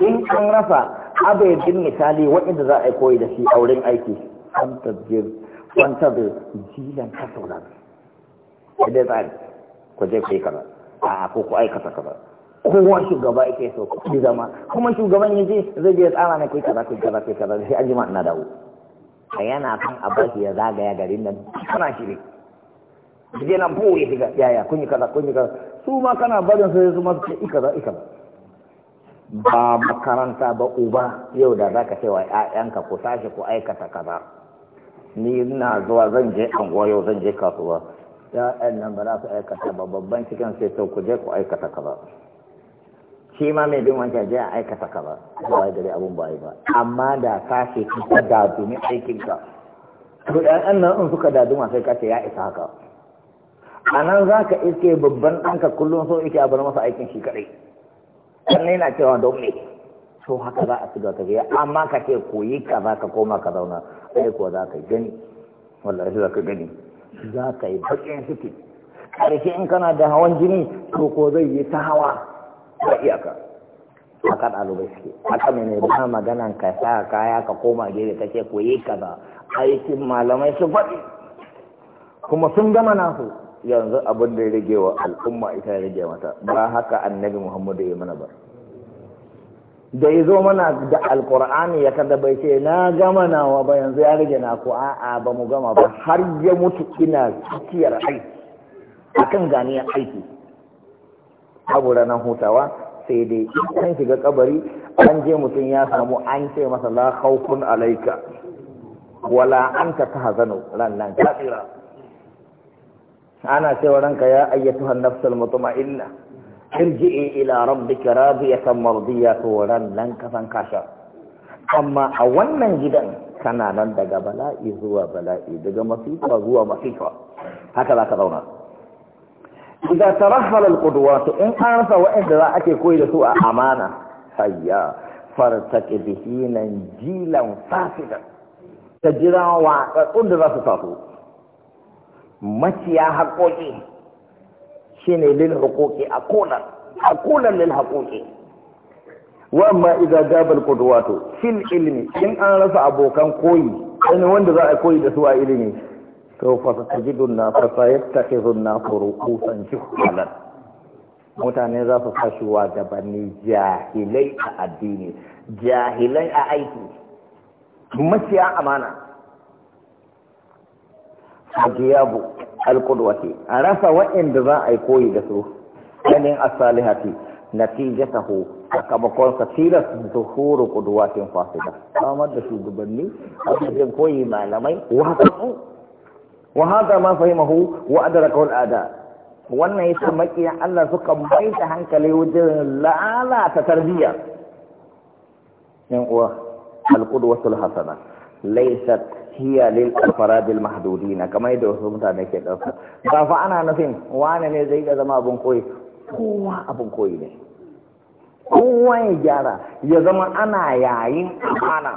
in an rafa abaibin misali waɗanda za a yi koyi da shi a wurin aiki kwantar jilan ka saurari da tsari ku je ku yi kaza a ko ku aikata kaza kowa shugaba yake so ku zama kuma shugaban yaje zai je tsara na kai kaza kai kaza kai kaza sai an jima na dawo a yana kan shi ya zagaya garin nan kana shiri je nan bu ya diga yaya kun yi kaza kun yi kaza su ma kana barin su su ma su ikaza ikaza ba makaranta ba uba yau da zaka ce wa ƴaƴanka ku tashi ku aikata kaza ni ina zuwa zan je anguwa yau zan je kasuwa ya'yan nan ba za su aikata ba babban cikin sai to ku je ku aikata ka ba shi ma mai bin wancan je a aikata ka ba ba wai dare abun ba yi ba amma da ka ce ka aikin aikinka to ya'yan nan in suka daduma sai ka ce ya isa haka a nan za ka iske babban ɗanka kullum so yake a bar masa aikin shi kaɗai ne yana cewa don me to haka za a ci gaba tafiya amma ka ce koyi kaza ka koma ka zauna ai ko za ka gani wallahi za ka gani za ka yi baƙin suke ƙarshe in kana da hawan jini to ko zai yi ta hawa ba iyaka kan alubai suke haka mai mai ba maganan ka sa kaya ka koma gefe ka ce ko yi kaza aikin malamai su faɗi kuma sun gama nasu yanzu abin ya rage wa al'umma ita ya rage mata ba haka annabi muhammadu ya mana ba da ya zo mana da alkur'ani ya kada bai ce na gama nawa ba yanzu ya rage na ku a'a ba mu gama ba har ya mutu ina cikiyar aiki akan ganiyar aiki abu ranar hutawa sai dai kan shiga kabari an je mutum ya samu an ce masa la haukun alaika wala anta tahzanu ran nan kafira ana cewa ranka ya ayyatuhan nafsul mutma'inna irji'i ila rabbika radiyatan mardiyatan wa nan kasan kasha amma a wannan gidan kana nan daga bala'i zuwa bala'i daga masifa zuwa masifa haka za ka zauna idza tarahhala alqudwat in an rasa wa'anda za ake koyi da su a amana hayya fartaki nan, jilan fasida ta jira wa da za su taso maciya haƙoƙi Shi ne lil a huquqi a aqulan lil hukuki wa amma idza gaba al qudwatu fil ilmi in an rasa abokan koyi wani wanda za a koyi da su a ilimi to fa tajidun na fa sayattakhizun na ji juhalan mutane za su fashi wa gabanni jahilai a addini jahilai a aiki maciya amana fagiyabu alƙudwati a rasa waɗanda za a yi koyi da su ainihin asalihati natijatahu sakamakonsa tilas zuhuru kuduwatin fasida samar da shugabanni cikin koyi malamai wa hada ma fahimahu wa al ada wannan yasa makiyan Allah suka mai da hankali wajen lalata tarbiyya yan uwa al-qudwatul hasana laysat hiya lil afradil mahdudina kamar yadda wasu mutane ke dauka. ba fa ana nufin wane ne zai ga zama abin koyi kowa abin koyi ne kowa ya gyara ya zama ana yayin amana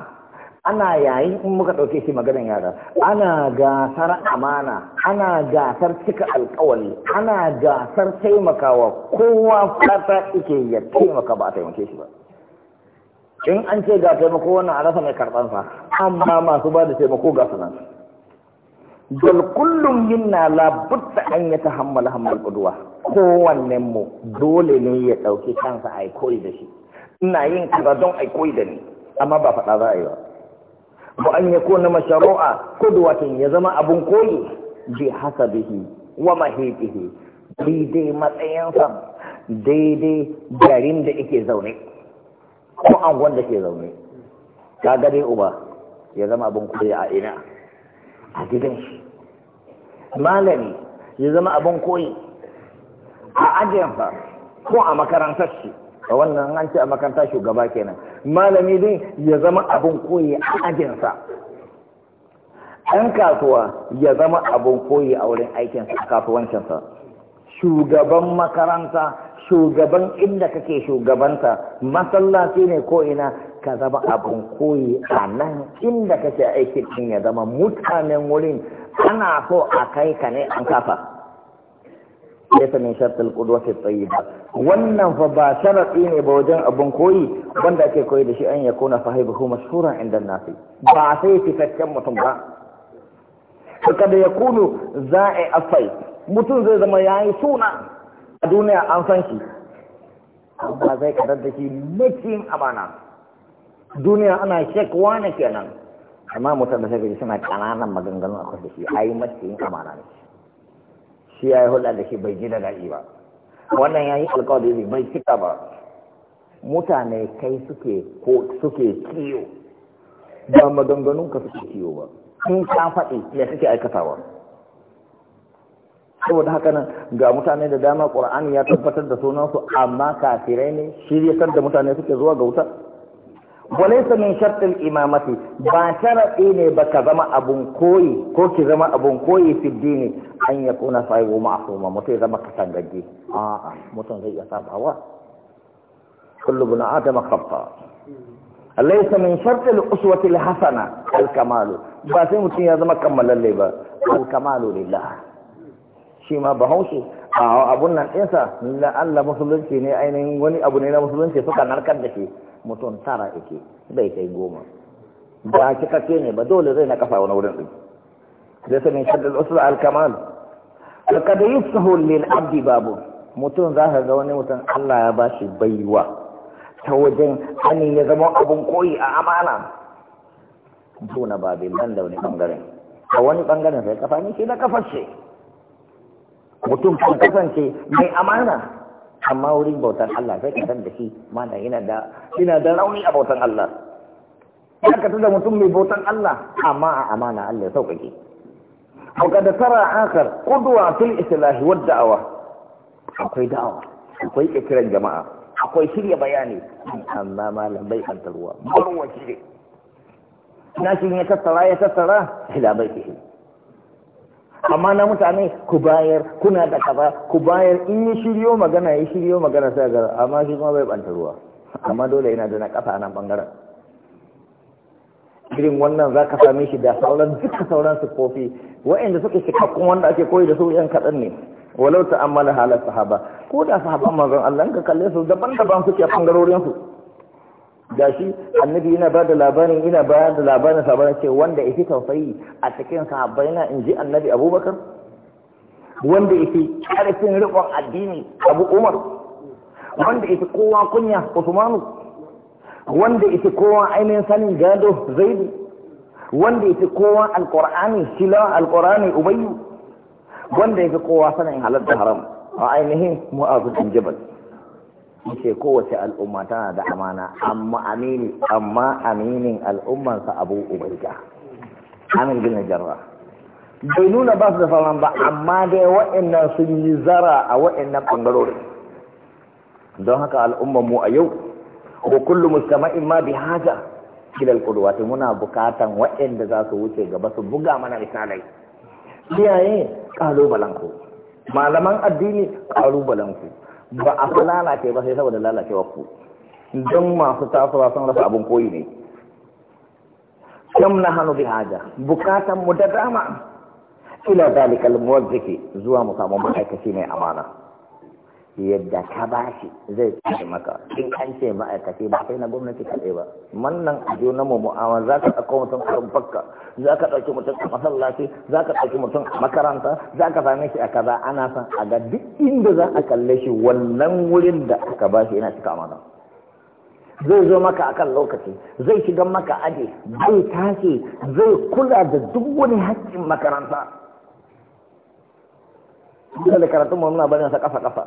ana yayin in muka ɗauke shi maganin yara ana gasar amana ana gasar cika alkawali ana gasar taimakawa kowa fata ike ya taimaka ba a taimake shi ba in an ce ga taimako wannan a rasa mai karɓansa amma masu ba da taimako ga su nan kullum yin la butta an ya tahammala hammal kuduwa, kowanne mu dole ne ya dauki kansa ai koyi da shi ina yin kaza don ai koyi da ni amma ba faɗa za a yi ba ko an yakuna mashru'a qudwatin ya zama abun koyi bi bihi, wa mahitihi daidai matsayinsa daidai garin da yake zaune ko an da ke zaune ka gare uba ya zama abin koyi a ina a gidan shi malami ya zama abin koyi a ajiyarsa ko a makarantar shi a wannan an ce a makarantar shugaba kenan malami din ya zama abin koyi a ajinsa ɗan kasuwa ya zama abin koyi a wurin aikinsa a kasuwancinsa shugaban makaranta shugaban inda kake shugabanta masallaci ne ko ina ka zama abin koyi a nan inda kake aikin din ya zama mutanen wurin ana so a kai ka ne an kafa laysa shartar shartil tsayi ba. wannan fa ba sharaɗi ne ba wajen abin koyi wanda ake koyi da shi an yakuna kuma mashhuran inda fi ba sai fitaccen mutum ba da ya kunu za'i afai mutum zai zama ya yi suna a duniya an san shi Ba zai kadar da shi a bana duniya ana shekwa na kenan amma mutum da sai suna kananan maganganu a kwasa shi a yi a amana ne shi ya yi hulɗa da shi bai ji da daɗi ba wannan ya yi alkawari bai cika ba mutane kai suke ko suke kiyo ba maganganun ka suke kiyo ba in ka faɗi ya suke aikatawa saboda haka nan ga mutane da dama ƙura'ani ya tabbatar da sunansu amma kafirai ne shiryatar da mutane suke zuwa ga wuta walaysa min shartil imamati ba sharadi ne ba ka zama abun koyi ko ki zama abun koyi fi dini an yakuna sahibu ma'suma ya zama katangagge a'a mutum zai iya sabawa kullum na adama kafa alaysa min shartil uswatil hasana al kamalu ba sai mutum ya zama kammalalle ba al kamalu lillah shi ma bahaushe a abun nan ɗinsa na Allah musulunci ne ainihin wani abu ne na musulunci suka narkar da shi mutum tara yake bai kai goma ba cikakke ne ba dole zai na kafa wani wurin ɗin zai sani shaddal usul al-kamal laqad yusahu lil abdi babu mutum za ka ga wani mutum Allah ya ba shi baiwa ta wajen hani ya zama abun koyi a amana tuna babin ban da wani bangaren a wani bangaren sai kafa ne shi da kafar shi mutum kan kasance mai amana amma wurin bautan Allah sai ka san da shi mana yana da yana da rauni a bautan Allah ya ka da mutum mai bautan Allah amma a amana Allah ya sauƙaƙe ko kada tara akar qudwa fil islah wa da'awa akwai da'awa akwai kiran jama'a akwai shirya bayani amma malam bai antarwa barwa ne. na shi ya tattara ya tattara ila baitihi amma na mutane ku bayar kuna da kaza ku bayar in yi shiryo magana ya shiryo magana sai ga amma shi kuma bai banta ruwa amma dole yana da na kafa nan bangaren irin wannan za ka same shi da sauran duka sauran kofi wa'inda suke kun wanda ake koyi da su yan kaɗan ne walau amala halar sahaba ko da sahaban manzon Allah ka kalle su daban-daban suke bangarorin su da shi annabi yana ba da labarin ina bayar da labarin sabarin ce wanda ifi tausayi a cikin sahabbai na in ji annabi abubakar wanda ifi karfin riƙon addini abu umar wanda ifi kowa kunya usmanu wanda ifi kowa ainihin sanin gado zaidu wanda ifi kowa alqur'ani shila alƙur'ani ubayyu wanda ifi kowa sanin halal haram a ainihin mu'azin jabal yace kowace al'umma tana da amana amma amini amma aminin al'ummansa abu ubaida Amin bin jarra bai nuna ba su da sauran ba amma dai wa'annan sun yi zara a wa'annan bangarori don haka al'umman mu a yau ko kullu mustama'in ma bi haja ila alqudwati muna bukatan wa'anda za su wuce gaba su buga mana risalai iyaye kalubalen malaman addini kalubalen ku ba a fi lalace ba sai saboda lalacewa ku don masu tasowa sun rasa abin koyi ne kam na hannu bi haja bukatan mu da dama ila dalikal muwazziki zuwa mu samu ma'aikaci mai amana yadda ka ba shi zai tashi maka in an ce ma'aikaci ba sai na gwamnati kaɗai ba wannan ajo na mu za ka ɗauko mutum a rumfarka za ka ɗauki mutum a masallaci za ka ɗauki mutum a makaranta za ka same shi a kaza ana son a ga duk inda za a kalle shi wannan wurin da aka ba shi yana cika mana zai zo maka akan lokaci zai shiga maka aji zai tashi zai kula da duk wani hakkin makaranta. da karatun mu muna barin sa kafa kafa.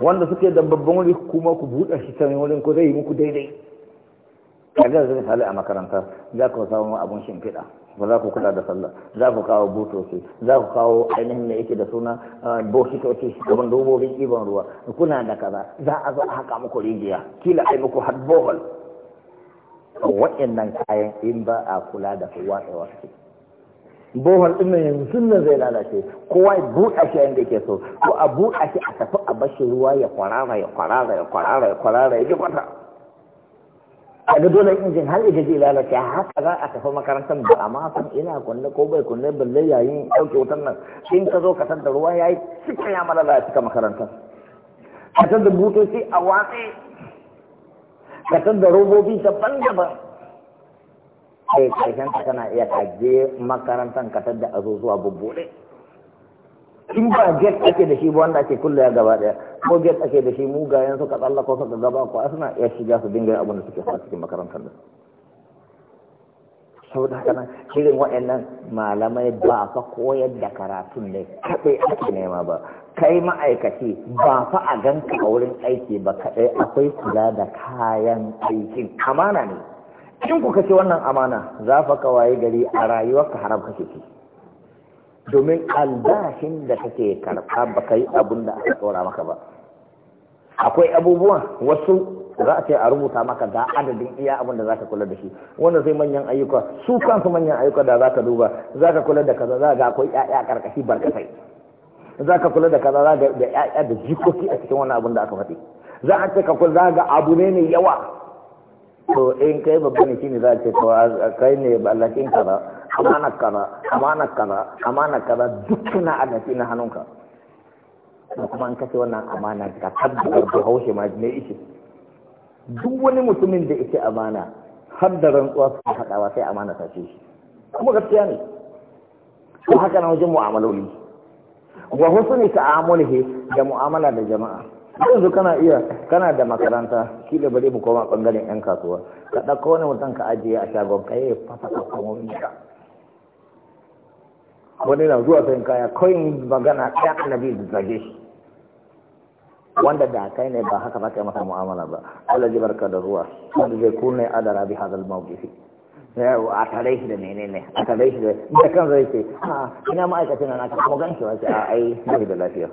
wanda suke da babban wuri kuma ku buɗe shi sami wurin ko zai yi muku daidai kaga zai misali a makaranta za ku samu abun shimfiɗa ba za ku kula da sallah za ku kawo butoci za ku kawo ainihin da yake da suna eh, bokitoci gaban dobobin ɗiban ruwa kuna da kaza za a zo a haka muku rijiya kila a yi muku har bohol waɗannan kayan in ba a kula da su watsa wasu bohol ɗin nan yanzu nan zai lalace kowa ya buɗa shi yadda ke so ko a buɗa shi a tafi a bashi ruwa ya kwarara ya kwarara ya kwarara ya kwarara ya jikwata a ga dole injin har ya gaji lalace haka za a tafi makarantar ba a ma san ina kunne ko bai kunne balle yayin ɗauke wutar nan in ka zo ka da ruwa ya yi cikin ya malala ya cika makarantar ka da butoci a watsi ka da robobi daban-daban sai karshen ka kana iya kaje makarantar ka tadda zuwa bubbuɗe in ba get ake da shi ba wanda ake kulle ya gaba daya ko get ake da shi mugayen suka tsalla ko suka gaba ko asna ya shiga su dinga abin da suke sa cikin makarantar da sau da haka nan shirin waɗannan malamai ba fa koyar da karatun ne kaɗai ake nema ba kai ma'aikaci ba fa a ganka a wurin aiki ba kaɗai akwai kula da kayan aikin amana ne in kuka ce wannan amana za fa ka waye gari a rayuwarka haram kake ci domin albashin da kake karɓa ba kai da aka tsora maka ba akwai abubuwa wasu za a ce a rubuta maka ga adadin iya abin da za kula da shi wanda sai manyan ayyuka su kansu manyan ayyuka da za duba za ka kula da kaza za ga akwai 'ya'ya karkashi barkatai za ka kula da kaza za ga 'ya'ya da jikoki a cikin wani abin da aka faɗi za a ce ka kula za ga abu ne mai yawa to in kai babba ne shine za a ce kawai kai ne ballakin kaza amana kaza amana kaza amana kaza dukkana allafi na hannunka to kuma an kace wannan amana ka tabbatar da haushe ma ne ishe duk wani mutumin da yake amana har da rantsuwa su haɗawa sai amana ta ce shi kuma gaskiya ne ko haka na wajen mu'amaloli wa husni ta'amulihi da mu'amala da jama'a yanzu kana iya kana da makaranta shi da bari mu koma bangaren yan kasuwa ka ɗauko wani mutum ka ajiye a shagon ka eh, yi fasa kakkan ka wani na zuwa sayin kaya koyin magana ɗaya annabi da zage shi wanda da kai ne ba haka ba kai masa mu'amala ba Allah zai barka da ruwa wanda zai kunne adara bi hadal mawqifi a tare shi da menene a tare shi da da kan zai ce a ina ma'aikacin nan aka kuma gan shi wace a ai bai da lafiya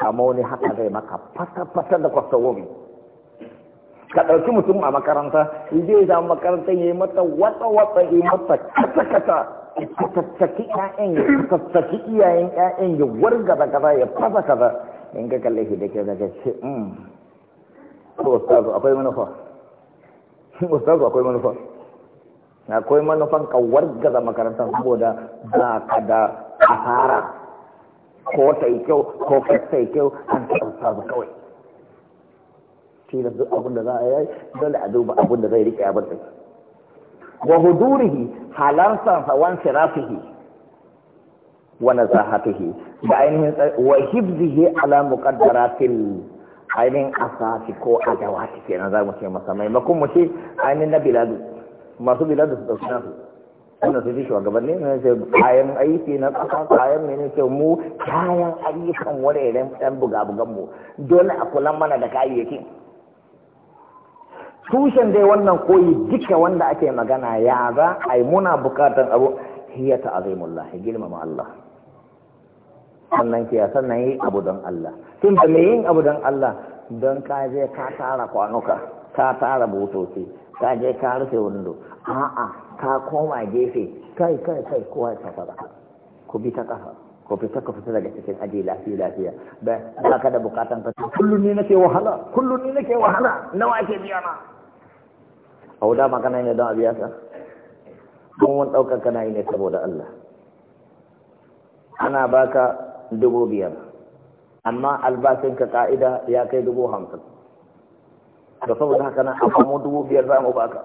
kama wani haka zai maka fata-fata da kwasawobi ka ɗauki mutum a makaranta zai zama makaranta ya yi mata watsa-watsa ya yi mata kasa-kasa ka tattaki ƴaƴan ya tattaki iyayen ƴaƴan ya da kaza ya fasa kaza in ka kalle shi da ke daga ce um ustazu akwai manufa ustazu akwai manufa akwai manufan ka da makarantar saboda za ka da asara ko ta yi kyau ko ta yi kyau an kyauta ba kawai shi da duk abin da za a yi dole a duba abin da zai rike abin da wa hudurihi halansansa wan sirafihi wa nazahatihi da ainihin wa hibzihi ala muqaddaratil ainihin asasi ko adawati kenan za mu ce masa maimakon mu ce ainihin na biladu masu biladu su dauki nasu wanda su fi shugabanni ne ce kayan aiki na kasa kayan mene ce mu kayan ayyukan wani irin ɗan buga buganmu mu dole a kula mana da kayayyaki. tushen dai wannan koyi duka wanda ake magana ya za a yi muna bukatar abu hiya ta azimullah girmama Allah sannan kiya sannan yi abu don Allah tun da mai yin abu don Allah don ka je ka tara kwanuka ka tara butoci ka je ka rufe wando a'a ta koma gefe kai kai kai kowa ta fara ku bi ta kafa ku bi ta kafa daga cikin aji lafiya lafiya ba ba ka da bukatan ka kullum ni nake wahala kullum ni nake wahala nawa ake biya ma a wuda magana ne don a biya ka mun wani ka kana yi ne saboda Allah ana baka dubu biyar amma ka ka'ida ya kai dubu hamsin da saboda haka na a dubu biyar za mu baka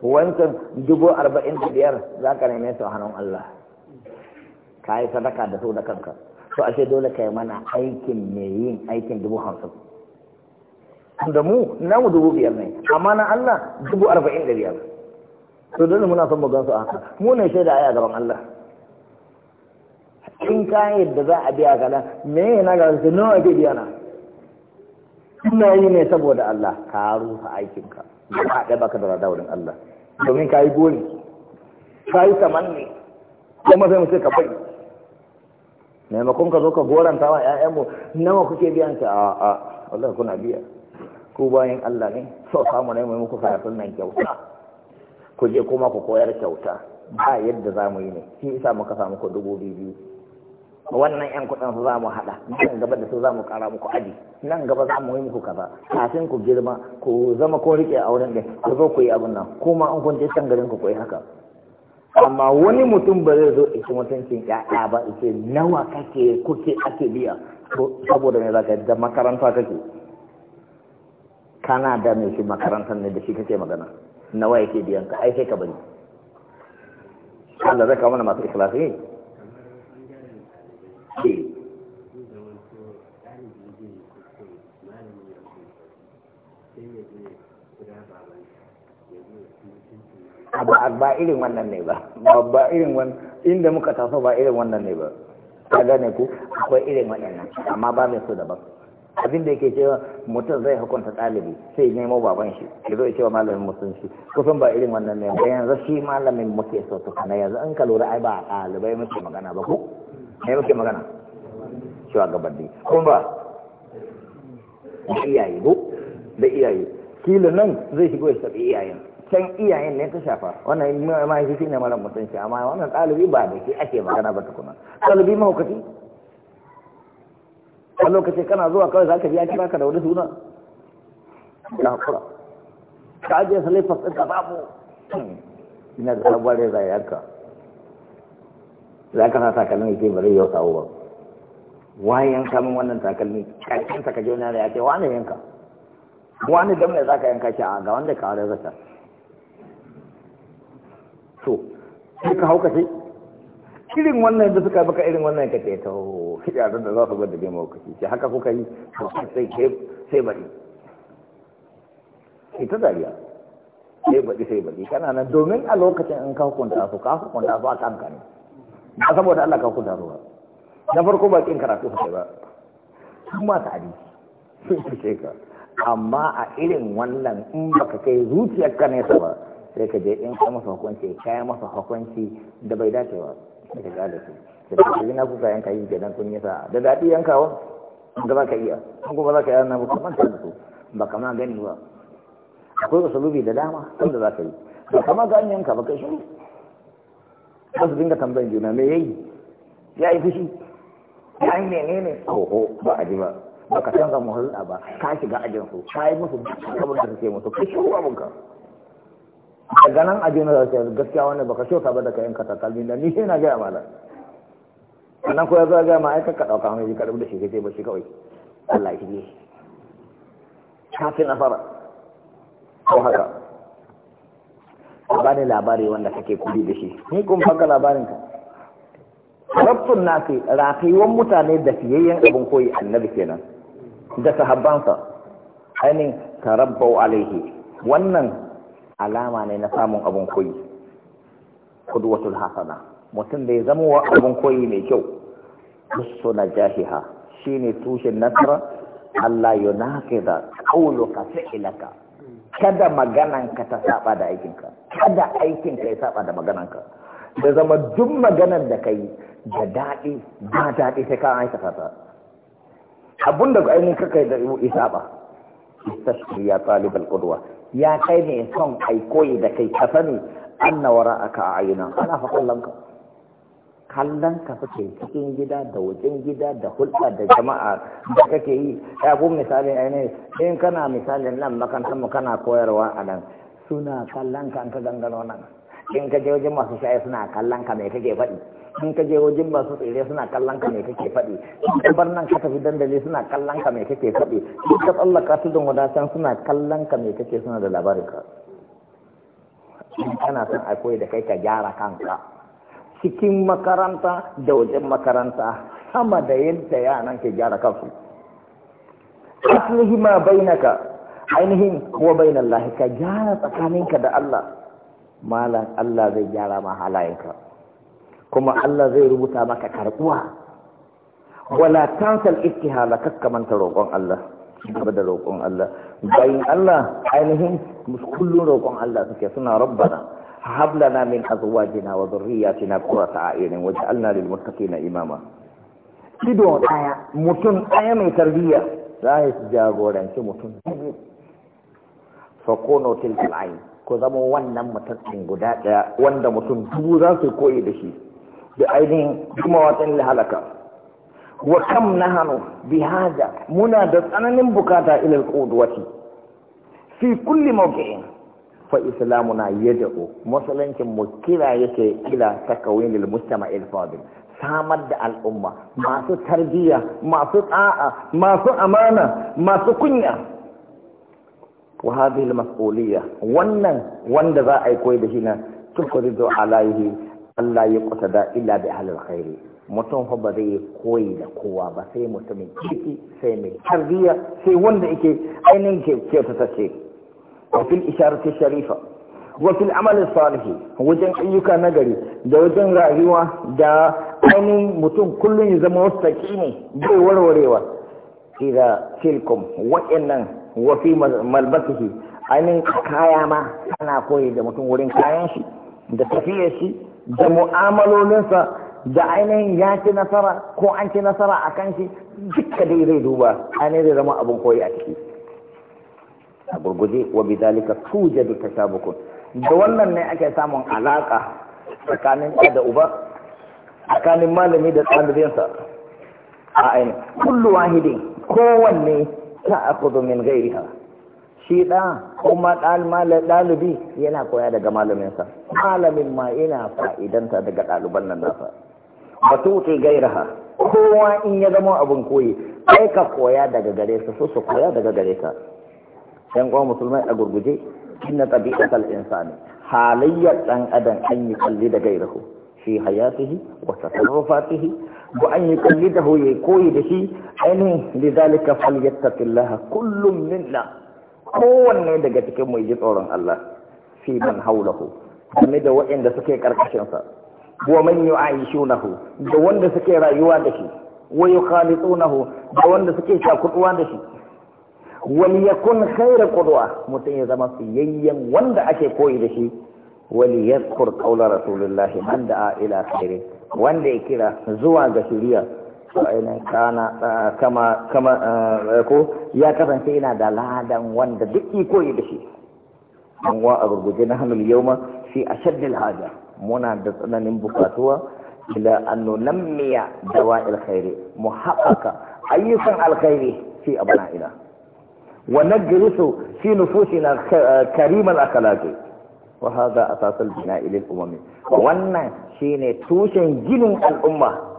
wancan dubu arba'in da biyar za ka neme su hannun Allah ka yi sadaka da su da kanka to ashe dole ka yi mana aikin mai yin aikin dubu hamsin da mu namu dubu biyar ne amma na Allah dubu arba'in da biyar to dole muna son mu gan su a haka mu ne shaida a gaban Allah in ka yi yadda za a biya kana me ne na gaba sai nawa ke biya na ina yi ne saboda Allah ka rusa aikinka ba ka da baka da wurin Allah domin ka yi goli ka yi tamanni kuma sai mu ka bai maimakon ka zo ka goranta wa 'ya'yanmu nawa kuke biyan ta a a wallahi kuna biya ku bayan Allah ne so samu ne mai muku karatun nan kyauta ku je kuma ku koyar kyauta ba yadda za mu yi ne shi isa muka samu ku dubu biyu wannan yan kudin su za mu haɗa nan gaba da su zamu mu ƙara muku aji nan gaba za mu yi muku kaza kafin ku girma ku zama ko rike a wurin da ku zo ku yi abin nan kuma an kun je can garin ku koyi haka amma wani mutum ba zai zo ishi mutuncin yaya ba ce nawa kake kuke ake biya saboda me za ka da makaranta kake kana da me shi makarantar ne da shi kake magana nawa yake biyan ka ai sai ka bari Allah zai kawo mana masu ikhlasi ba irin wannan ne ba ba irin wannan inda muka taso ba irin wannan ne ba ka gane ku akwai irin waɗannan amma ba mai so daban abin da yake cewa mutum zai hukunta ɗalibi sai ya nemo baban shi ya zo ya cewa malamin musulunci kusan ba irin wannan ne ba yanzu shi malamin muke so to kana yanzu an ka lura ai ba ɗalibai muke magana ba ku ne muke magana shugabanni kuma ba da iyaye ko da iyaye kila nan zai shigo ya sabi iyayen can iyayen ne ta shafa wannan mahaifi ne mara mutunci amma wannan ɗalibi ba da ke ake magana ba tukuna ɗalibi mahaukaci a lokaci kana zuwa kawai za ka biya kira ka da wani suna Ya hakura ka ajiye salai fasin ka babu ina da sabuwar da zai yanka za ka sa takalmi ke bari yau kawo ba wayan kamun wannan takalmi kakin ka je da ya ce wani yanka wani dam ne za ka yanka shi a ga wanda ka wani zata sai ka haukace irin wannan da suka baka irin wannan ka ce ta ya da za su gwada mawa, kashi ce haka kuka yi sai sai bari sai ta dariya sai bari sai bari kana nan domin a lokacin in ka hukunta su ka hukunta su a kan kane ba saboda Allah ka hukunta su ba na farko ba kin karatu su ba sun ma ta adi sun fice ka amma a irin wannan in baka kai zuciyarka nesa ba sai ka je in kai masa hukunci kai masa hukunci da bai dace ba sai ka gane su da ta yi na kuka yanka yi nan kun yi sa da daɗi yankawa ga ba ka iya an kuma za ka yi na buka manta da su ba kama gani ba akwai usulubi da dama wanda za ka yi ba kama gani yanka ba kai shi ba su dinga tambayin juna me yayi ya yi fushi ya yi menene oho ba a ji ba baka ka canza muhalli ba ka shiga ajinsu ka yi musu duk abin da suke musu kai shi ruwa bunka daga nan a na da gaskiya wannan baka shota ba da kayan ka da ni sai na gaya malam sannan ko ya zo gaya ma ai ka dauka mai ka da shi kai ba shi kawai Allah shi ne kafin fi nasara ko haka ba ni labari wanda kake kudi da shi ni kun fanka labarin ka rabbun nasi rafiwan mutane da fiyayyen abin koyi annabi kenan da sahabbansa ainihin karabbau alaihi wannan alama ne na samun abun koyi kudwatul hasana mutum da ya zama wa abun koyi mai kyau kusu na jahiha shine tushen nasara Allah yunaqiza qawluka fi'laka kada magananka ta saba da aikinka kada aikinka ya saba da magananka da zama duk maganar da kai da daɗi ba daɗi sai ka aikata ta abun da ainihin kakai da isa ba ya talibal qudwa ya kai ne son aikoyi koyi da kai ka sani anna wara'aka a ayyuna ana fa kallon ka kallon ka suke cikin gida da wajen gida da hulɗa da jama'a da kake yi ya kun misali ainihin in kana misalin nan makarantar mu kana koyarwa a nan suna kallon ka an ta dangano nan in ka je wajen masu shaye suna kallon ka mai kake faɗi in ka je wajen masu tsere suna kallon ka mai kake faɗi in ka bar nan ka tafi dandali suna kallon ka mai kake faɗi in ka tsallaka don wadatan suna kallon ka mai kake suna da labarin ka in kana son a koyi da kai ka gyara kanka cikin makaranta da wajen makaranta sama da yadda yanan ke gyara kansu aslihi ma bainaka ainihin wa lahi ka gyara tsakaninka da Allah malam Allah zai gyara ma halayenka kuma Allah zai rubuta maka karbuwa wala tansal ittihala manta roƙon Allah gaba da roƙon Allah bayin Allah ainihin kullun roƙon Allah suke suna rabbana hab lana min azwajina wa dhurriyyatina qurrata a'yunin waj'alna lil muttaqina imama ido daya mutum daya mai tarbiyya zai jagoranci mutum fa kono ko zama wannan mutum guda daya wanda mutum dubu za su koyi da shi da ainihin dumawatan halaka wa kam nahanu bi hada muna da tsananin bukata ila alqudwati fi kulli mawqi'in fa islamuna yad'u musulunci mu kira yake ila takawin lil mujtama'i al-fadil samar da al'umma masu tarbiyya masu tsa'a masu amana masu kunya wa hadhihi al-mas'uliyya wannan wanda za a yi koyi da shi nan tukridu alaihi Allah ya kusa da illa bi ahlil khairi mutum fa ba zai koyi da kowa ba sai mutumin ciki sai mai tarbiyya sai wanda yake ainihin ke kyautata ce wa fil isharati sharifa wa fil amali salihi wajen ayyuka nagari da wajen rayuwa da ainihin mutum kullum ya zama wasu ne bai warwarewa ila tilkum wa'annan wa fi malbatihi ainihin kaya ma ana koyi da mutum wurin kayan shi da tafiyar shi da mu'amalolinsa da ainihin ya ci nasara ko an ci nasara a kan shi dukka dai zai duba ainihin zai zama abin koyi a ciki a gurguje wa bidalika tujadu tashabukun da wannan ne ake samun alaka tsakanin ɗa da uba tsakanin malami da ɗalibinsa a ainihin kullu wahidin kowanne ta akudu min gairiha shi ɗa kuma ɗalibi yana koya daga malaminsa malamin ma yana fa'idanta daga ɗaliban nan nasa ba tuti gairaha kowa in ya zama abin koyi kai ka koya daga gare su su su koya daga gare ka yan uwa musulmai a gurguje inna tabi'atal insani halayyar dan adam an yi kalli da gairahu fi hayatihi wa tasarrufatihi wa an yi kalli da hoye koyi da shi ainihin lidhalika falyattaqillaha kullum minna kowanne daga cikin mu ji tsoron Allah fi man haulahu game da waɗanda suke karkashin sa wa man yu'ayishunahu da wanda suke rayuwa da shi wa yukhalitunahu da wanda suke shakuduwa da shi wal yakun khayra qudwa mutum ya zama siyayyen wanda ake koyi da shi wal yadhkur qawla rasulillahi man da'a ila khairin wanda ya kira zuwa ga shari'a ainihin kana kama kama ko ya kasance ina da ladan wanda duk iko yi da shi an wa a gurguje na hannun yauma fi ashaddil haja muna da tsananin bukatuwa ila an nunammiya dawa alkhairi mu haɓaka ayyukan alkhairi fi abna'ina wa najrisu fi na karimal akhlaqi wa hadha a al-bina'i lil umami wannan shine tushen ginin al'umma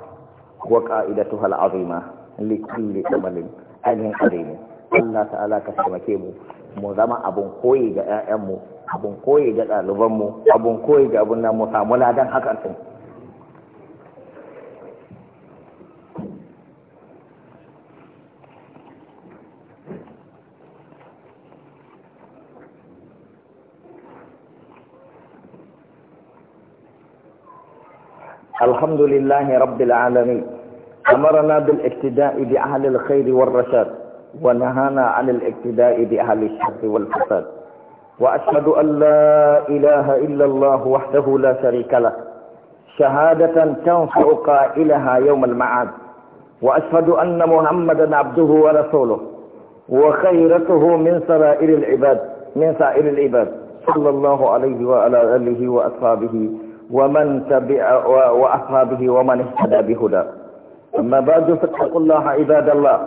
وقائدتها العظيمة لكل أمل ألم قديم Allah ta'ala ka taimake mu mu zama abun koyi ga 'ya'yanmu abun koyi ga ɗalibanmu abun koyi ga abun nan mu samu ladan hakan ɗin الحمد لله رب العالمين أمرنا بالاقتداء بأهل الخير والرشاد ونهانا عن الاقتداء بأهل الشر والفساد وأشهد أن لا إله إلا الله وحده لا شريك له شهادة تنفع قائلها يوم المعاد وأشهد أن محمدا عبده ورسوله وخيرته من سرائر العباد من سائر العباد صلى الله عليه وعلى آله وأصحابه ومن تبع وأصحابه ومن اهتدى بهدى أما بعد فاتقوا الله عباد الله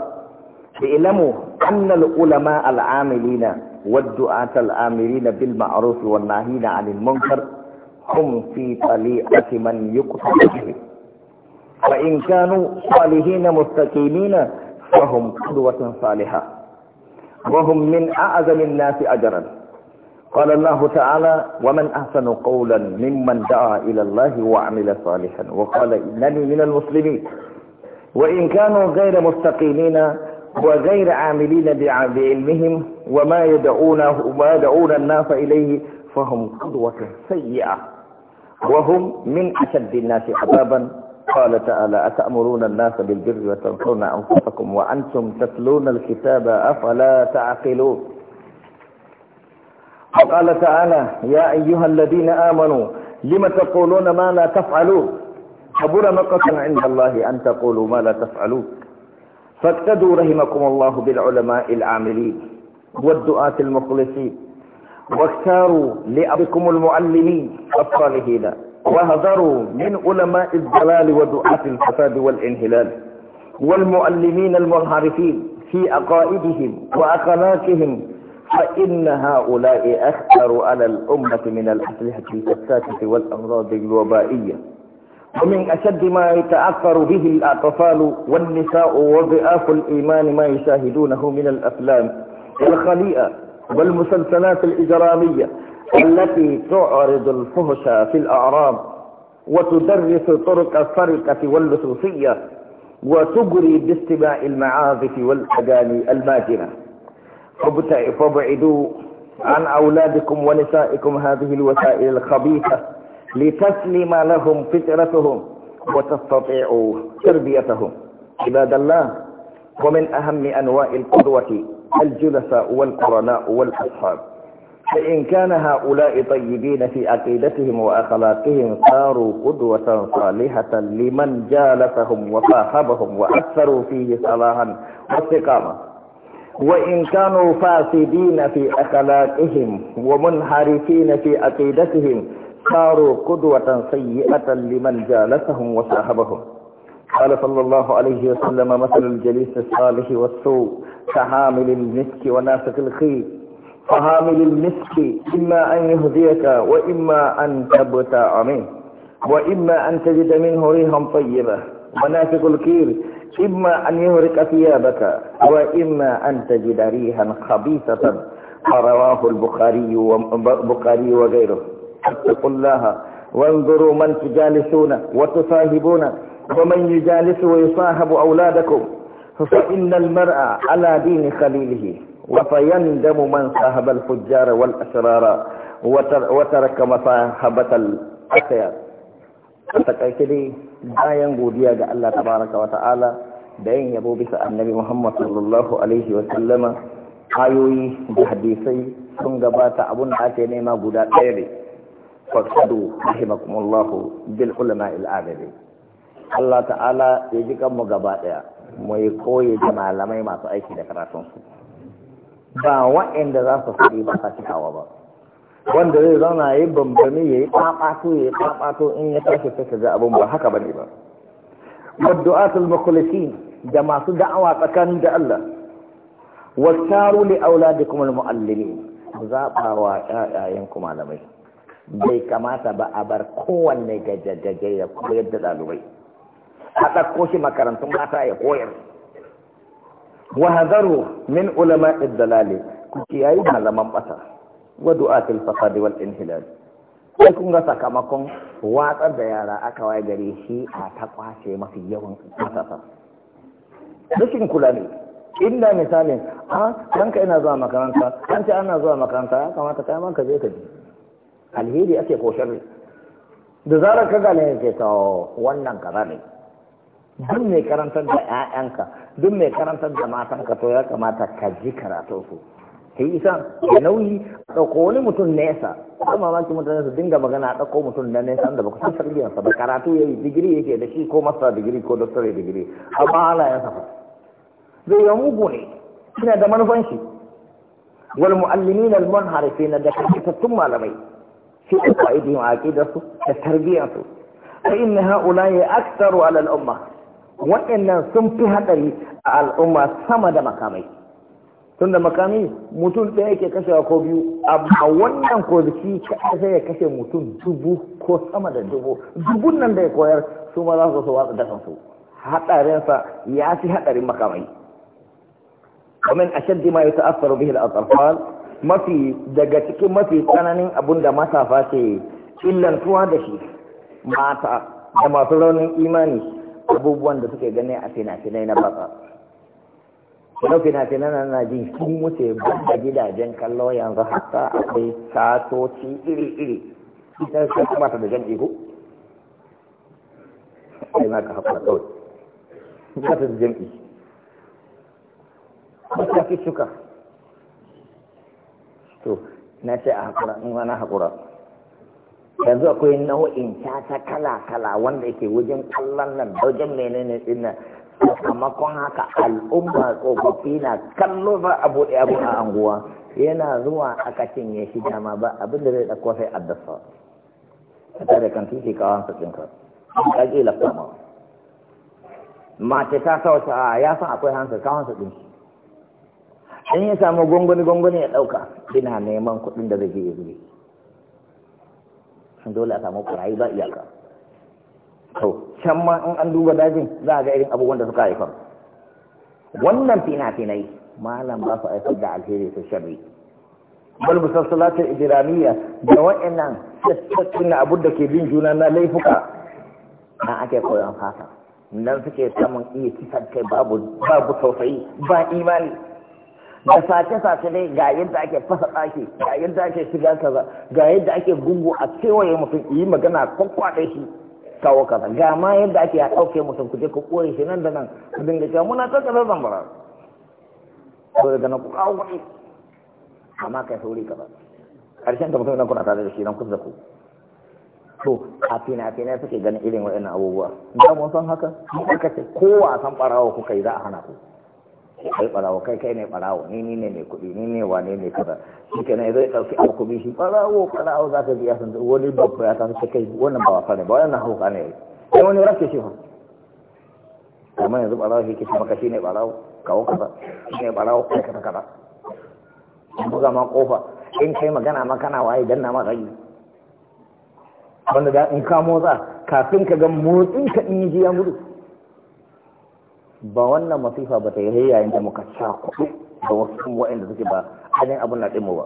اعلموا أن العلماء العاملين والدعاة العاملين بالمعروف والناهين عن المنكر هم في طليعة من يقتل به فإن كانوا صالحين مستقيمين فهم قدوة صالحة وهم من أعظم الناس أجراً قال الله تعالى ومن أحسن قولا ممن دعا إلى الله وعمل صالحا وقال إنني من المسلمين وإن كانوا غير مستقيمين وغير عاملين بعلمهم وما يدعونه وما يدعون الناس إليه فهم قدوة سيئة وهم من أشد الناس عذابا قال تعالى أتأمرون الناس بالبر وتنصرون أنفسكم وأنتم تتلون الكتاب أفلا تعقلون وقال تعالى يا أيها الذين آمنوا لم تقولون ما لا تفعلون حبر مقتا عند الله أن تقولوا ما لا تفعلون فاقتدوا رحمكم الله بالعلماء العاملين والدعاة المخلصين واختاروا لأبكم المعلمين الصالحين وهذروا من علماء الضلال ودعاة الفساد والانهلال والمعلمين المنحرفين في عقائدهم وأخلاقهم فإن هؤلاء أكثر على الأمة من الأسلحة الكساسة والأمراض الوبائية ومن أشد ما يتأثر به الأطفال والنساء وضعاف الإيمان ما يشاهدونه من الأفلام الخليئة والمسلسلات الإجرامية التي تعرض الفهشة في الأعراب وتدرس طرق السرقة واللصوصية وتجري باستماع المعازف والأغاني الماجنة فابعدوا عن أولادكم ونسائكم هذه الوسائل الخبيثة لتسلم لهم فطرتهم وتستطيعوا تربيتهم عباد الله ومن أهم أنواع القدوة الجلساء والقرناء والأصحاب فإن كان هؤلاء طيبين في عقيدتهم وأخلاقهم صاروا قدوة صالحة لمن جالسهم وصاحبهم وأثروا فيه صلاحا واستقامة وإن كانوا فاسدين في أخلاقهم ومنحرفين في عقيدتهم صاروا قدوة سيئة لمن جالسهم وصاحبهم قال صلى الله عليه وسلم مثل الجليس الصالح والسوء كحامل المسك وناسك الخير فحامل المسك إما أن يهديك وإما أن تبتاع منه وإما أن تجد منه ريحا طيبة منافق الكير إما أن يهرق ثيابك وإما أن تجد ريحا خبيثة فرواه البخاري وبخاري وغيره اتقوا الله وانظروا من تجالسون وتصاحبون ومن يجالس ويصاحب أولادكم فإن المرأة على دين خليله وفيندم من صاحب الفجار والأشرار وترك مصاحبة الأخيار أتكيت لي bayan godiya ga Allah tabaraka wa ta'ala da yin yabo bisa annabi Muhammad sallallahu alaihi wa sallama ayoyi da hadisai sun gabata abun da ake nema guda ɗaya ne fasadu rahimakumullah bil ulama al adabi Allah ta'ala ya ji kanmu gaba ɗaya mu yi koyi da malamai masu aiki da karatun su ba wa'anda za su fadi ba ta cikawa ba wanda zai zauna ya yi bambami ya yi ƙaƙato ya yi ƙaƙato in ya tashi sai ka ga abin ba haka bane ba waddu'atul mukhlisin da masu da'awa tsakanin da Allah wasaru li auladikum al muallimin zaba wa ƴaƴayen da malamai bai kamata ba a bar kowanne gajajaje ya koyar da ɗalibai a ɗauko shi makarantun mata ya koyar wa min ulama'id dalali ku kiyaye malaman ɓasa? wa du'atil fasadi wal inhilal sai kun ga sakamakon watsar da yara aka waye gare shi a ta kwace mafi yawan matasa rashin kula ne inda misalin a ranka ina zuwa makaranta an ce ana zuwa makaranta ya kamata kai man ka je ka ji alheri ake ko sharri da zarar ka gane ke ta wannan kaza ne duk mai karantar da 'ya'yanka duk mai karantar da matanka to ya kamata ka ji karatun su sai isa da nauyi a ɗauko wani mutum nesa har mamaki mutane su dinga magana a ɗauko mutum na nesa da baku san sarbiyansa ba karatu ya yi digiri yake da shi ko masa digiri ko doctorate digiri a ala ya fa zai yi mugu ne suna da manufan shi wal mu'allimin al munharifin da kafitattun malamai shi fi qaidihim aqidarsu da tarbiyansu fa inna ha'ula'i aktsaru ala al umma wa'annan sun fi hadari a al'umma sama da makamai tunda makami mutum ɗaya yake kashewa ko biyu a wannan ko ziki sai ya kashe mutum dubu ko sama da dubu dubun nan da ya koyar su ma za su su watsa da kansu haɗarinsa ya fi haɗarin makamai a ومن أشد ما يتأثر bihi da ما mafi daga cikin mafi tsananin abun da matafa ce illantuwa da shi mata da masu raunin imani abubuwan da suke gani a fina-finai na batsa kuma fina-finan na jin sun ba da gidajen kallo yanzu haka akwai satoci iri-iri ita sun ta da jan iko ai ma ka haɓa kawai ba ta da jam'i ba ta fi shuka to na ce a haƙura in wani haƙura yanzu akwai nau'in ta kala-kala wanda ke wajen kallon nan wajen menene ɗin sakamakon haka al'umma tsofaffi na kallo ba a buɗe abu a anguwa yana zuwa aka cinye shi dama ba abin da zai ɗauko sai addasa a tare kan titi kawan su ɗinka ka ƙi lafama mace ta kawo a ya san akwai hansa kawan su ɗinki in ya samu gongoni gongoni ya ɗauka ina neman kuɗin da zai je ya zube dole a samu ƙurayi ba iyaka to can ma in an duba dajin za a ga irin abubuwan da suka haifar wannan fina-finai malam ba su haifar da alheri su sharri bal musassalata ijramiyya da wa'annan na abu da ke bin juna na laifuka na ake koyon fasa, nan suke samun iya kisan kai babu babu tausayi ba imani da sace-sace ne ga yadda ake fasa tsaki, ga yadda ake shiga kaza ga yadda ake gungu a kewaye mutum yi magana kwakwaɗe shi kawo kaza ga ma yadda ake a ɗauke mutum kuje ka ku shi nan da nan ku dinga cewa muna ta kasar zambara ko daga nan ku kawo kuɗi amma kai sauri kaza ƙarshen da mutum na kuna tare da shi nan kusa ku to a fina fina suke ganin irin waɗannan abubuwa da mun san haka aka ce kowa san ɓarawa kuka yi za a hana ku kai barawo kai kai ne barawo ni ni ne mai kuɗi ni ne wane ne kaza shi ke nan zai ɗauki abu kuɗi shi barawo barawo za ka biya sun wani babu ya tafi ta kai wannan ba wasa ne ba wannan hauka ne sai wani rashin shi fa amma yanzu barawo shi ke maka shi ne barawo kawo kaza shi ne barawo kai kaza kaza an buga ma kofa in kai magana ma kana waye danna ma tsayi wanda da in ka motsa kafin ka ga motsin ka in yi ya gudu ba wannan masifa ba ta yi yayin da muka sha kuɗi da wasu waɗanda suke ba ainihin abin na ɗinmu ba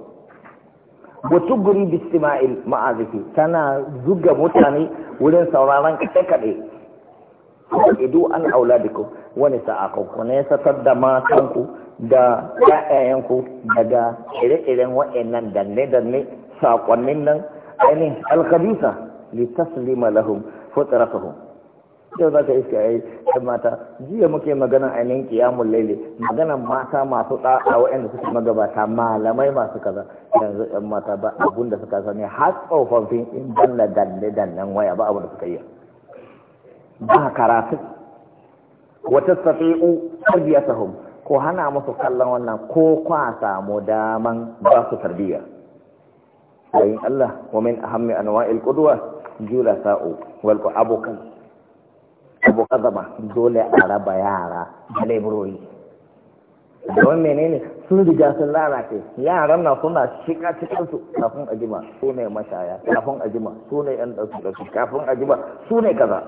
wata guri bistima'il ma'aziki tana zuga mutane wurin sauraron kaɗe-kaɗe idu an ku wani sa'akanku ne satar da matan ku da ku daga ire-iren waɗannan danne-danne saƙonnin nan ainihin alkhabisa litaslima lahum fitratuhum yau za ka iska ya yi ɗan mata jiya muke magana a ainihin kiyamun laili magana mata masu ɗaɗa waɗanda suke magabata malamai masu kaza yanzu 'yan mata ba abun suka sani har tsofaffin in danna danne dannen waya ba abu da suka yi ba karatu wata safi'u sahun ko hana musu kallon wannan ko kwa samu daman ba su tarbiyya bayin Allah wa min ahammi anwa'il qudwa jula sa'u wal qabukan abu kazama dole a raba yara da laiburori don menene sun riga sun lalace yaran na suna shiga cikin su kafin ajima su ne mashaya kafin ajima su ne yan ɗauki ɗauki kafin ajima su ne kaza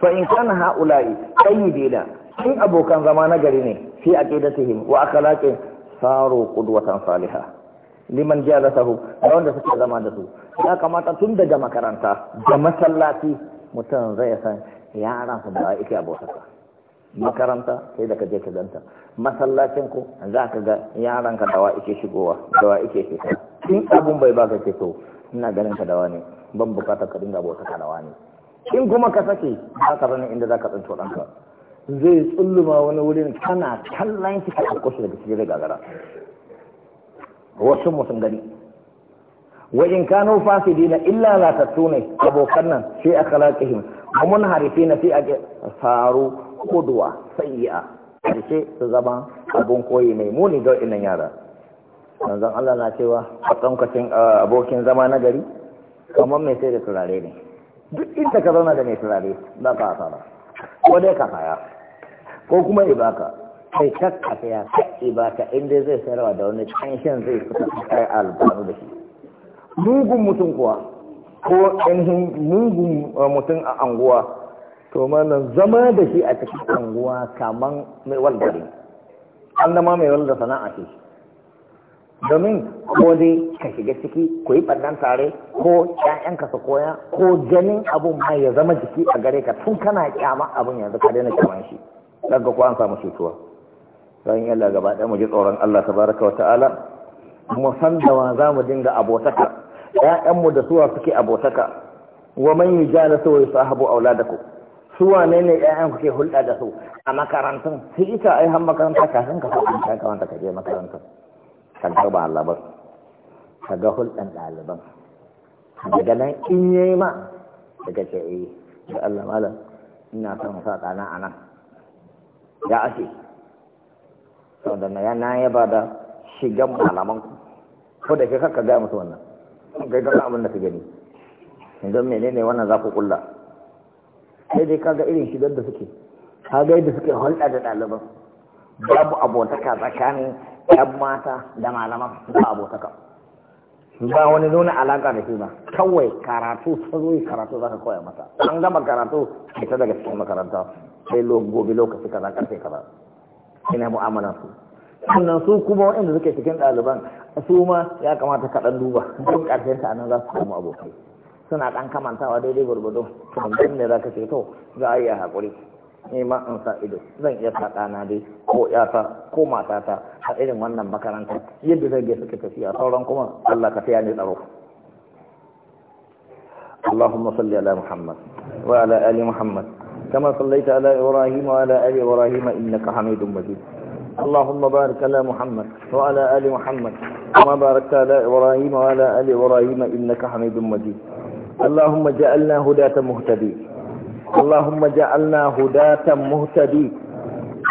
fa in kana haula'i qayyidina in abokan zama na gari ne fi aqidatihim wa akhlaqin saru qudwatan salihah liman jalasahu da suke zama da su ya kamata tun daga makaranta da masallaci mutum zai san yaran su da ike abotaka makaranta sai da ka je ka ganta masallacin ku za ka ga yaran ka dawa ike shigowa dawa ike shiga in abun bai baka ce to ina ganin ka dawa ne ban bukata ka dinga ka dawa ne in kuma ka sake za ka rana inda za ka tsinto ɗanka zai tsulluma wani wurin kana kallon shi ka ɗauko shi daga cikin gagara wasu mutum gani wa in kano fasidi na illa la ne abokan nan sai a kalaƙihim mun harfe na fi ake faru kuduwa a Harfe su zama abun koyi mai muni ga waɗannan yara manzon Allah na cewa a tsankacin abokin zama na gari kamar mai sai da turare ne duk inda ka zauna da mai turare za ka asara ko dai ka haya, ko kuma ibaka sai kakka saya ka ibaka inda zai sayarwa da wani kanshin zai fita kai albanu da shi mugun mutum kuwa ko ainihin mungun uh, mutum a anguwa to malam zama da shi a cikin anguwa kaman mai ne, an zama mai walda sana'a ce domin ko dai ka shiga ciki ko yi ɓannan tare ko ƴaƴanka su koya ko ganin abun ma ya zama jiki a gare ka tun kana kyama abun yanzu ka daina kyaman shi daga ko an samu cutuwa bayan yalla gaba ɗaya mu ji tsoron Allah tabaraka wa ta'ala mu san da wa za mu dinga abotaka ƴaƴanmu da suwa suke abotaka wa man yujalisu wa yusahabu auladakum suwa ne ne ƴaƴan kuke hulɗa da su a makarantun sai ita ai har makaranta kafin ka san ka kamata ka je makaranta ka ga ba Allah ba ka ga hulɗan ɗaliban daga nan in yayi ma daga ce eh da Allah malam ina son sa ɗana a nan ya ake sau ya na ya ba da shigan malaman ku ko da ke kakka gaya musu wannan kai ga abin da ka gani yanzu menene wannan za ku kulla sai dai kaga irin shigar da suke kaga yadda suke hulɗa da ɗaliban babu abotaka tsakanin yan mata da malaman ba abotaka ba wani nuna alaƙa da shi ba kawai karatu ta yi karatu za ka koya masa an gama karatu ita daga cikin makaranta sai gobe lokaci kaza karfe kaza ina mu'amalan su sannan su kuma waɗanda suke cikin ɗaliban su ma ya kamata kaɗan duba duk ƙarshen ta nan za su samu abokai suna ɗan kamantawa daidai gwargwado kuma dan ne za ka ce to za a iya haƙuri ne ma in sa ido zan iya sa ɗana dai ko ƴata ko matata a irin wannan makaranta yadda zai suke tafiya sauran kuma Allah ka taya ne tsaro اللهم صل على محمد وعلى آل محمد كما صليت على إبراهيم وعلى آل إبراهيم إنك حميد مجيد اللهم بارك على محمد وعلى آل محمد كما باركت على إبراهيم وعلى آل إبراهيم إنك حميد مجيد اللهم جعلنا هداة مهتدين اللهم جعلنا هداة مهتدين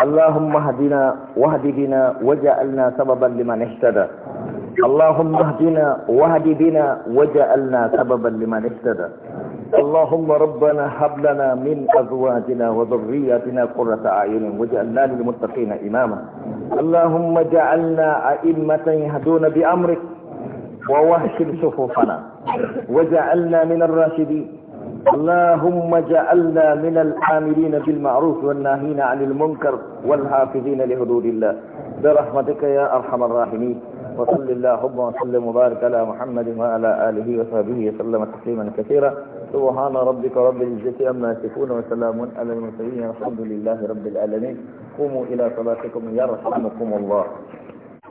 اللهم اهدنا واهد بنا وجعلنا سببا لمن اهتدى اللهم اهدنا واهد بنا وجعلنا سببا لمن اهتدى اللهم ربنا هب لنا من أزواجنا وذرياتنا قرة أعين واجعلنا للمتقين إماما اللهم اجعلنا أئمة يهدون بأمرك ووهشم صفوفنا وجعلنا من الراشدين اللهم جعلنا من العاملين بالمعروف والناهين عن المنكر والحافظين لحدود الله برحمتك يا أرحم الراحمين وصل اللهم وسلم وبارك على محمد وعلى آله وصحبه وسلم تسليما كثيرا سبحان ربك رب العزة أما يصفون وسلام على المرسلين الحمد لله رب العالمين قوموا إلى صلاتكم يرحمكم الله